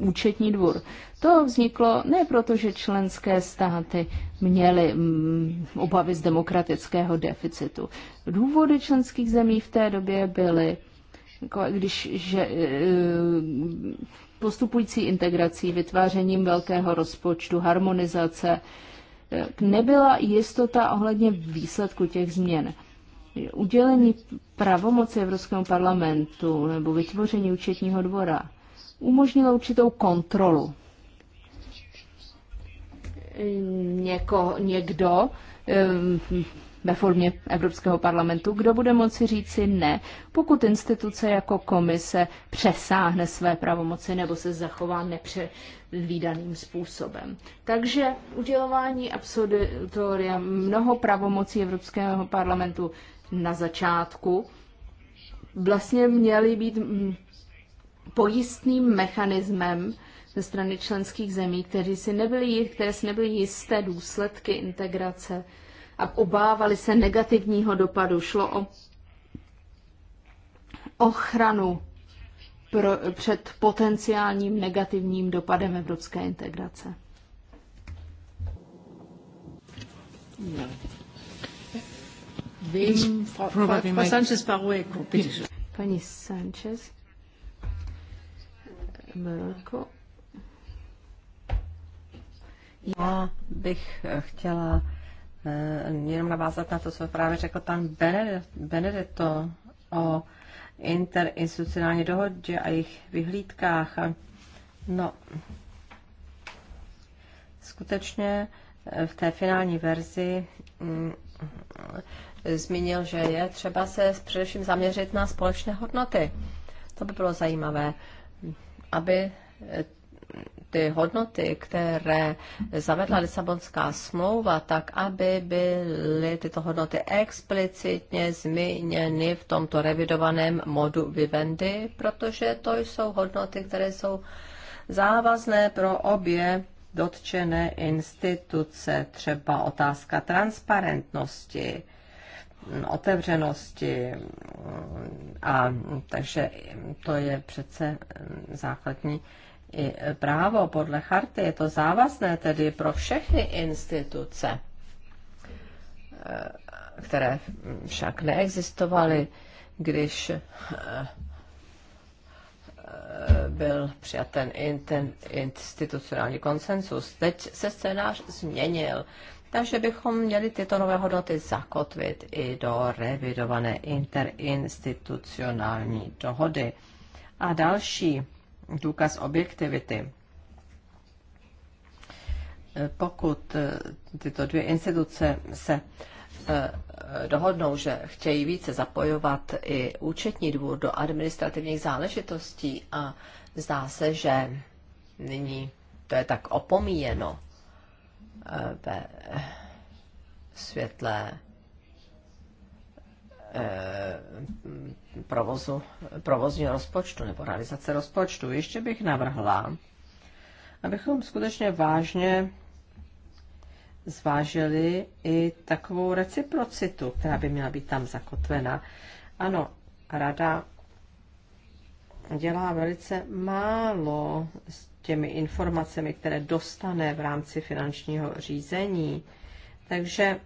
účetní dvůr. To vzniklo ne proto, že členské státy měly mm, obavy z demokratického deficitu. Důvody členských zemí v té době byly, jako když že, e, postupující integrací, vytvářením velkého rozpočtu, harmonizace, e, nebyla jistota ohledně výsledku těch změn. Udělení pravomoci Evropskému parlamentu nebo vytvoření účetního dvora umožnilo určitou kontrolu. Něko, někdo ve formě Evropského parlamentu, kdo bude moci říci ne, pokud instituce jako komise přesáhne své pravomoci nebo se zachová nepředvídaným způsobem. Takže udělování absolutoria mnoho pravomocí Evropského parlamentu na začátku vlastně měly být pojistným mechanismem ze strany členských zemí, které si nebyly, které si nebyly jisté důsledky integrace a obávali se negativního dopadu. Šlo o ochranu pro, před potenciálním negativním dopadem evropské integrace. Vím, Paní Sanchez. Maroko. Já bych chtěla eh, jenom navázat na to, co právě řekl pan Benedetto o interinstitucionální dohodě a jejich vyhlídkách. No, skutečně eh, v té finální verzi mm, zmínil, že je třeba se především zaměřit na společné hodnoty. To by bylo zajímavé aby eh, ty hodnoty, které zavedla Lisabonská smlouva, tak aby byly tyto hodnoty explicitně zmíněny v tomto revidovaném modu vivendi, protože to jsou hodnoty, které jsou závazné pro obě dotčené instituce, třeba otázka transparentnosti, otevřenosti. A takže to je přece základní i právo podle charty. Je to závazné tedy pro všechny instituce, které však neexistovaly, když byl přijat ten, ten institucionální konsensus. Teď se scénář změnil. Takže bychom měli tyto nové hodnoty zakotvit i do revidované interinstitucionální dohody. A další důkaz objektivity. Pokud tyto dvě instituce se e, dohodnou, že chtějí více zapojovat i účetní dvůr do administrativních záležitostí a zdá se, že nyní to je tak opomíjeno ve světle eh, provozu, provozního rozpočtu nebo realizace rozpočtu. Ještě bych navrhla, abychom skutečně vážně zvážili i takovou reciprocitu, která by měla být tam zakotvena. Ano, rada dělá velice málo s těmi informacemi, které dostane v rámci finančního řízení. Takže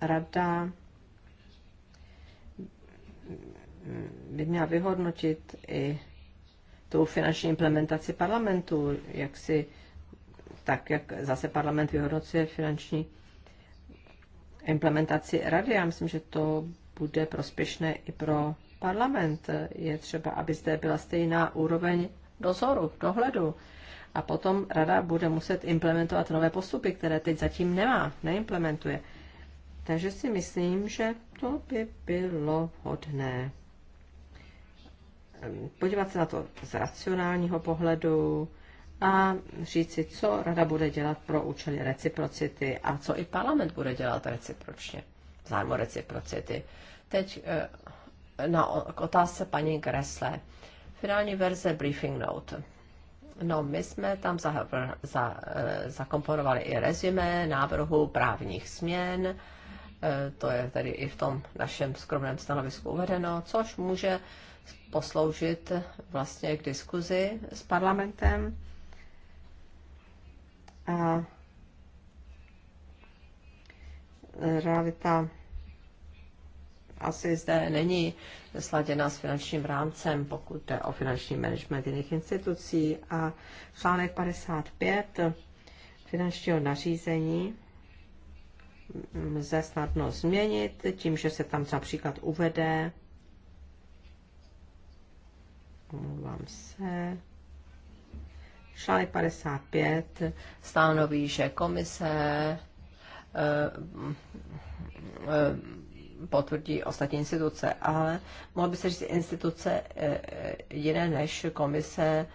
rada by měla vyhodnotit i tu finanční implementaci parlamentu, jak si, tak jak zase parlament vyhodnocuje finanční implementaci rady. Já myslím, že to bude prospěšné i pro parlament. Je třeba, aby zde byla stejná úroveň dozoru, dohledu. A potom rada bude muset implementovat nové postupy, které teď zatím nemá, neimplementuje. Takže si myslím, že to by bylo hodné. Podívat se na to z racionálního pohledu a si, co rada bude dělat pro účely reciprocity a co i parlament bude dělat recipročně, v zájmu reciprocity. Teď eh, na, k otázce paní Gresle. Finální verze briefing note. No, my jsme tam za, za, eh, zakomponovali i rezime návrhu právních směn, eh, to je tedy i v tom našem skromném stanovisku uvedeno, což může posloužit vlastně k diskuzi s parlamentem. A realita asi zde není sladěna s finančním rámcem, pokud jde o finanční management jiných institucí. A článek 55 finančního nařízení lze snadno změnit tím, že se tam například uvede omlouvám se, článek 55 stanoví, že komise eh, eh, potvrdí ostatní instituce, ale mohlo by se říct, instituce eh, eh, jiné než komise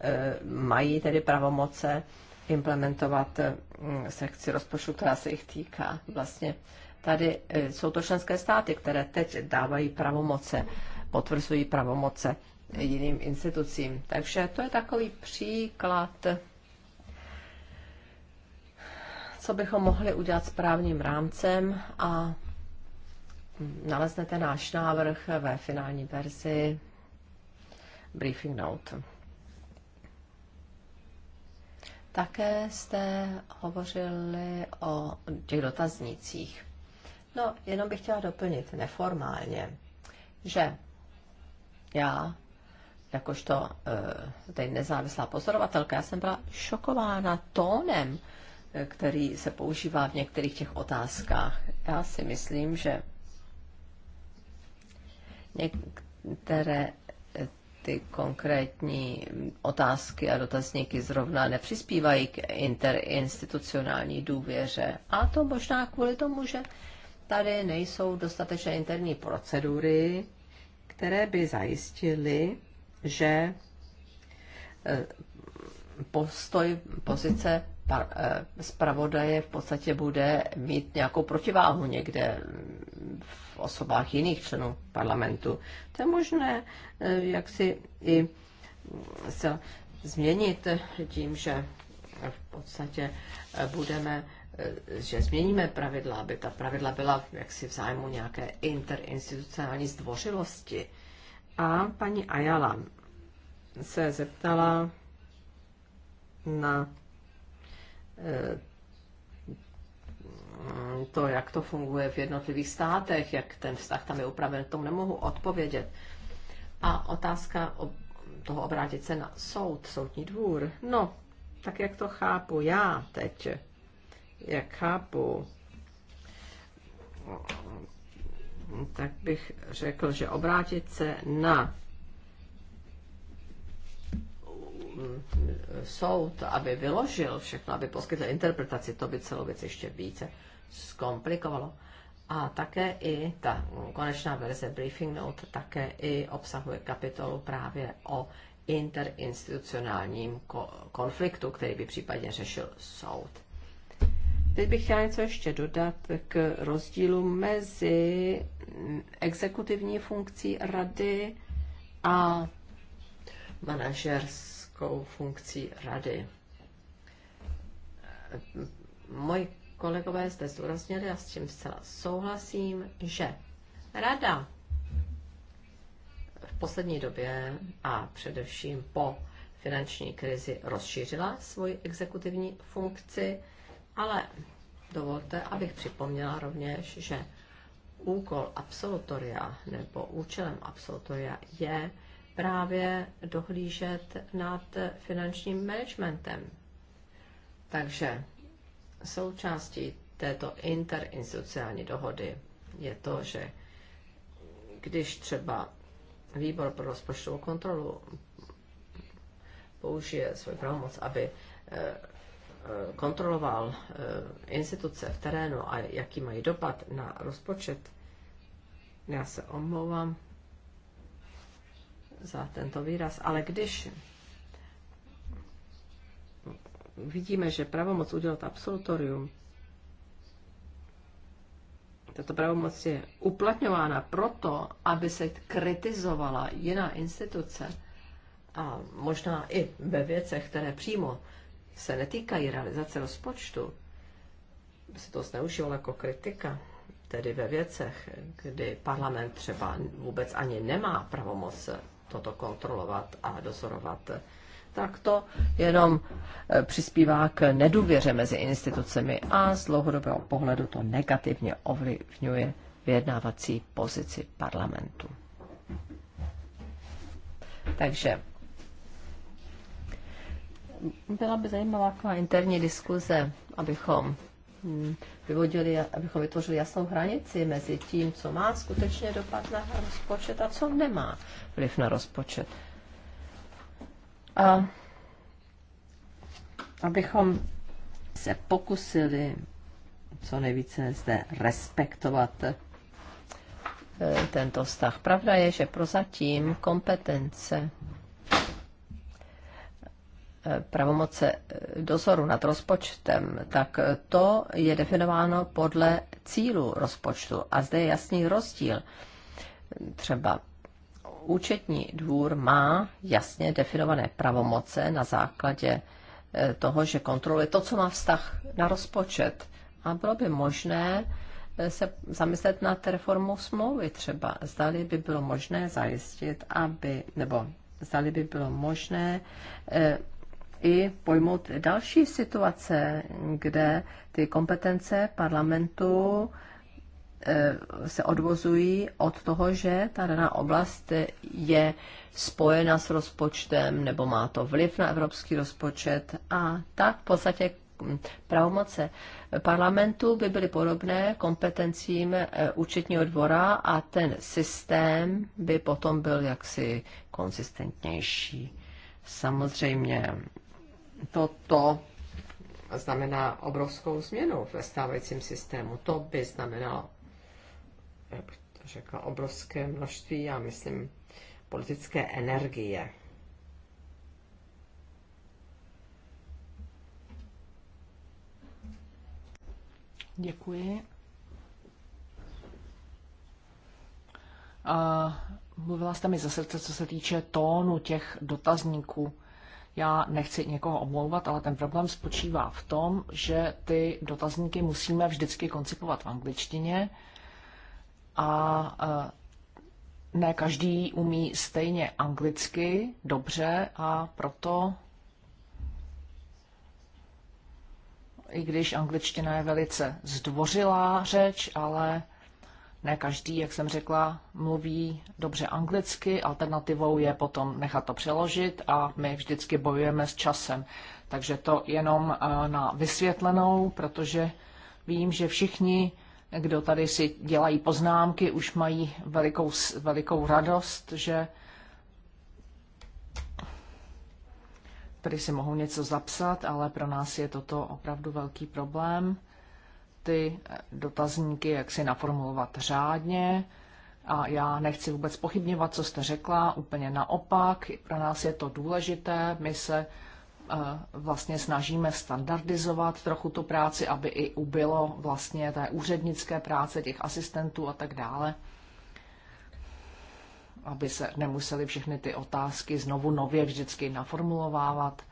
eh, mají tedy pravomoce implementovat mm, sekci rozpočtu, která se jich týká. Vlastně tady jsou to členské státy, které teď dávají pravomoce, potvrzují pravomoce jiným institucím. Takže to je takový příklad, co bychom mohli udělat s právním rámcem a naleznete náš návrh ve finální verzi briefing note. Také jste hovořili o těch dotaznících. No, jenom bych chtěla doplnit neformálně, že já, jakožto eh, tady nezávislá pozorovatelka, já jsem byla šokována tónem, eh, který se používá v některých těch otázkách. Já si myslím, že Některé eh, ty konkrétní otázky a dotazníky zrovna nepřispívají k interinstitucionální důvěře. A to možná kvůli tomu, že tady nejsou dostatečné interní procedury, které by zajistily, že eh, postoj, pozice eh, zpravodaje v podstatě bude mít nějakou protiváhu někde v osobách jiných členů parlamentu. To je možné, eh, jak si i mm, se změnit tím, že v podstatě eh, budeme eh, že změníme pravidla, aby ta pravidla byla jaksi v zájmu nějaké interinstitucionální zdvořilosti. A paní Ayala se zeptala na to, jak to funguje v jednotlivých státech, jak ten vztah tam je upraven, tomu nemohu odpovědět. A otázka o toho obrátit se na soud, soudní dvůr. No, tak jak to chápu já teď, jak chápu, tak bych řekl, že obrátit se na soud, aby vyložil všechno, aby poskytl interpretaci, to by celou věc ještě více zkomplikovalo. A také i ta konečná verze briefing note také i obsahuje kapitolu právě o interinstitucionálním konfliktu, který by případně řešil soud. Teď bych chtěla něco ještě dodat k rozdílu mezi exekutivní funkcí rady a manažerskou funkcí rady. Moji Kolegové zde zdůraznili, a s tím zcela souhlasím, že rada v poslední době a především po finanční krizi rozšířila svoji exekutivní funkci, ale dovolte, abych připomněla rovněž, že úkol absolutoria nebo účelem absolutoria je právě dohlížet nad finančním managementem. Takže Součástí této interinstitucionální dohody je to, že když třeba výbor pro rozpočtovou kontrolu použije svůj pravomoc, aby eh, eh, kontroloval eh, instituce v terénu a jaký mají dopad na rozpočet, já se omlouvám za tento výraz, ale když vidíme, že pravomoc udělat absolutorium, tato pravomoc je uplatňována proto, aby se kritizovala jiná instituce a možná i ve věcech, které přímo se netýkají realizace rozpočtu, se to zneužívalo jako kritika, tedy ve věcech, kdy parlament třeba vůbec ani nemá pravomoc toto kontrolovat a dozorovat tak to jenom eh, přispívá k nedůvěře mezi institucemi a z dlouhodobého pohledu to negativně ovlivňuje vyjednávací pozici parlamentu. Takže byla by zajímavá taková interní diskuze, abychom hm, vyvodili, abychom vytvořili jasnou hranici mezi tím, co má skutečně dopad na rozpočet a co nemá vliv na rozpočet. A abychom se pokusili co nejvíce zde respektovat eh, tento vztah. Pravda je, že prozatím kompetence eh, pravomoce eh, dozoru nad rozpočtem, tak to je definováno podle cílu rozpočtu. A zde je jasný rozdíl. Třeba účetní dvůr má jasně definované pravomoce na základě e, toho, že kontroluje to, co má vztah na rozpočet. A bylo by možné e, se zamyslet nad reformou smlouvy třeba. Zdali by bylo možné zajistit, aby, nebo zdali by bylo možné e, i pojmout další situace, kde ty kompetence parlamentu Eh, se odvozují od toho, že ta daná oblast je spojena s rozpočtem nebo má to vliv na evropský rozpočet a tak v podstatě hm, pravomoce parlamentu by byly podobné kompetencím eh, účetního dvora a ten systém by potom byl jaksi konsistentnější. Samozřejmě toto znamená obrovskou změnu ve stávajícím systému. To by znamenalo jak eh, bych to řekla, obrovské množství, já myslím, politické energie. Děkuji. A mluvila jste mi ze srdce, co se týče tónu těch dotazníků. Já nechci někoho omlouvat, ale ten problém spočívá v tom, že ty dotazníky musíme vždycky koncipovat v angličtině a e, ne každý umí stejně anglicky dobře a proto i když angličtina je velice zdvořilá řeč, ale ne každý, jak jsem řekla, mluví dobře anglicky. Alternativou je potom nechat to přeložit a my vždycky bojujeme s časem. Takže to jenom e, na vysvětlenou, protože vím, že všichni kdo tady si dělají poznámky, už mají velikou, velikou radost, že tady si mohou něco zapsat, ale pro nás je toto opravdu velký problém. Ty eh, dotazníky, jak si naformulovat řádně, a já nechci vůbec pochybňovat, co jste řekla, úplně naopak. Pro nás je to důležité. My se vlastně snažíme standardizovat trochu tu práci, aby i ubylo vlastně té úřednické práce těch asistentů a tak dále, aby se nemuseli všechny ty otázky znovu nově vždycky naformulovávat.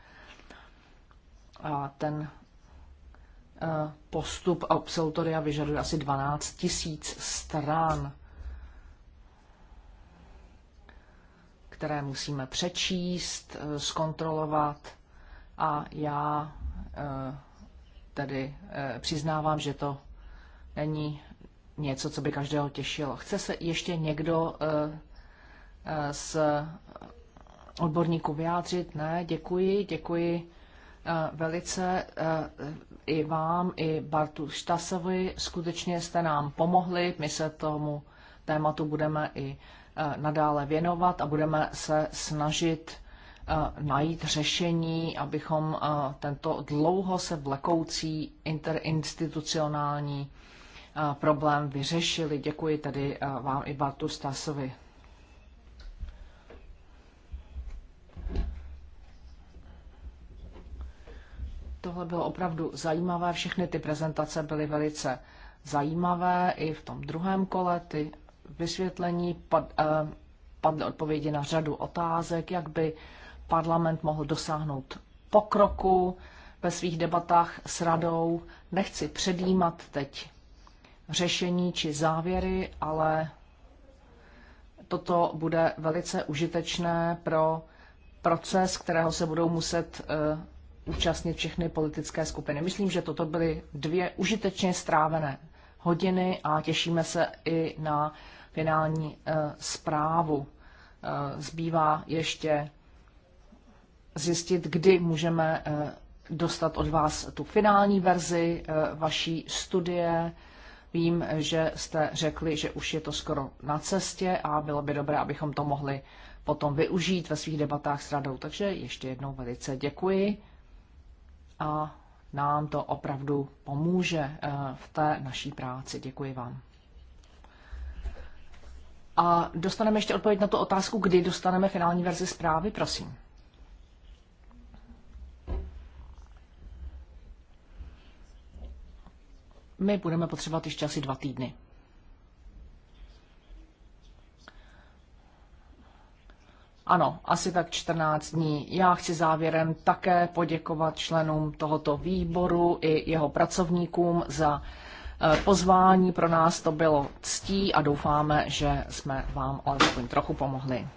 A ten e, postup absolutoria vyžaduje asi 12 tisíc stran, které musíme přečíst, e, zkontrolovat a já eh, tedy eh, přiznávám, že to není něco, co by každého těšilo. Chce se ještě někdo eh, z odborníků vyjádřit? Ne, děkuji, děkuji velice i vám, i Bartu Štasovi. Skutečně jste nám pomohli, my se tomu tématu budeme i nadále věnovat a budeme se snažit Eh, najít řešení, abychom eh, tento dlouho se vlekoucí interinstitucionální eh, problém vyřešili. Děkuji tedy vám i Bartu Stasovi. Tohle bylo opravdu zajímavé. Všechny ty prezentace byly velice zajímavé. I v tom druhém kole ty vysvětlení pad, padly odpovědi na řadu otázek, jak by parlament mohl dosáhnout pokroku ve svých debatách s radou. Nechci předjímat teď řešení či závěry, ale toto bude velice užitečné pro proces, kterého se budou muset eh, účastnit všechny politické skupiny. Myslím, že toto byly dvě užitečně strávené hodiny a těšíme se i na finální eh, zprávu. Eh, zbývá ještě zjistit, kdy můžeme eh, dostat od vás tu finální verzi eh, vaší studie. Vím, že jste řekli, že už je to skoro na cestě a bylo by dobré, abychom to mohli potom využít ve svých debatách s radou. Takže ještě jednou velice děkuji a nám to opravdu pomůže eh, v té naší práci. Děkuji vám. A dostaneme ještě odpověď na tu otázku, kdy dostaneme finální verzi zprávy, prosím. my budeme potřebovat ještě asi dva týdny. Ano, asi tak 14 dní. Já chci závěrem také poděkovat členům tohoto výboru i jeho pracovníkům za eh, pozvání. Pro nás to bylo ctí a doufáme, že jsme vám alespoň trochu pomohli.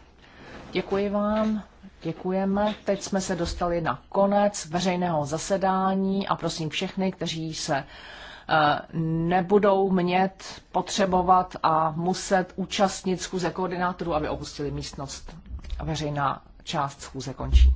Děkuji vám, děkujeme. Teď jsme se dostali na konec veřejného zasedání a prosím všechny, kteří se Eh, nebudou mět potřebovat a muset účastnit schůze koordinátorů, aby opustili místnost. Veřejná část schůze končí.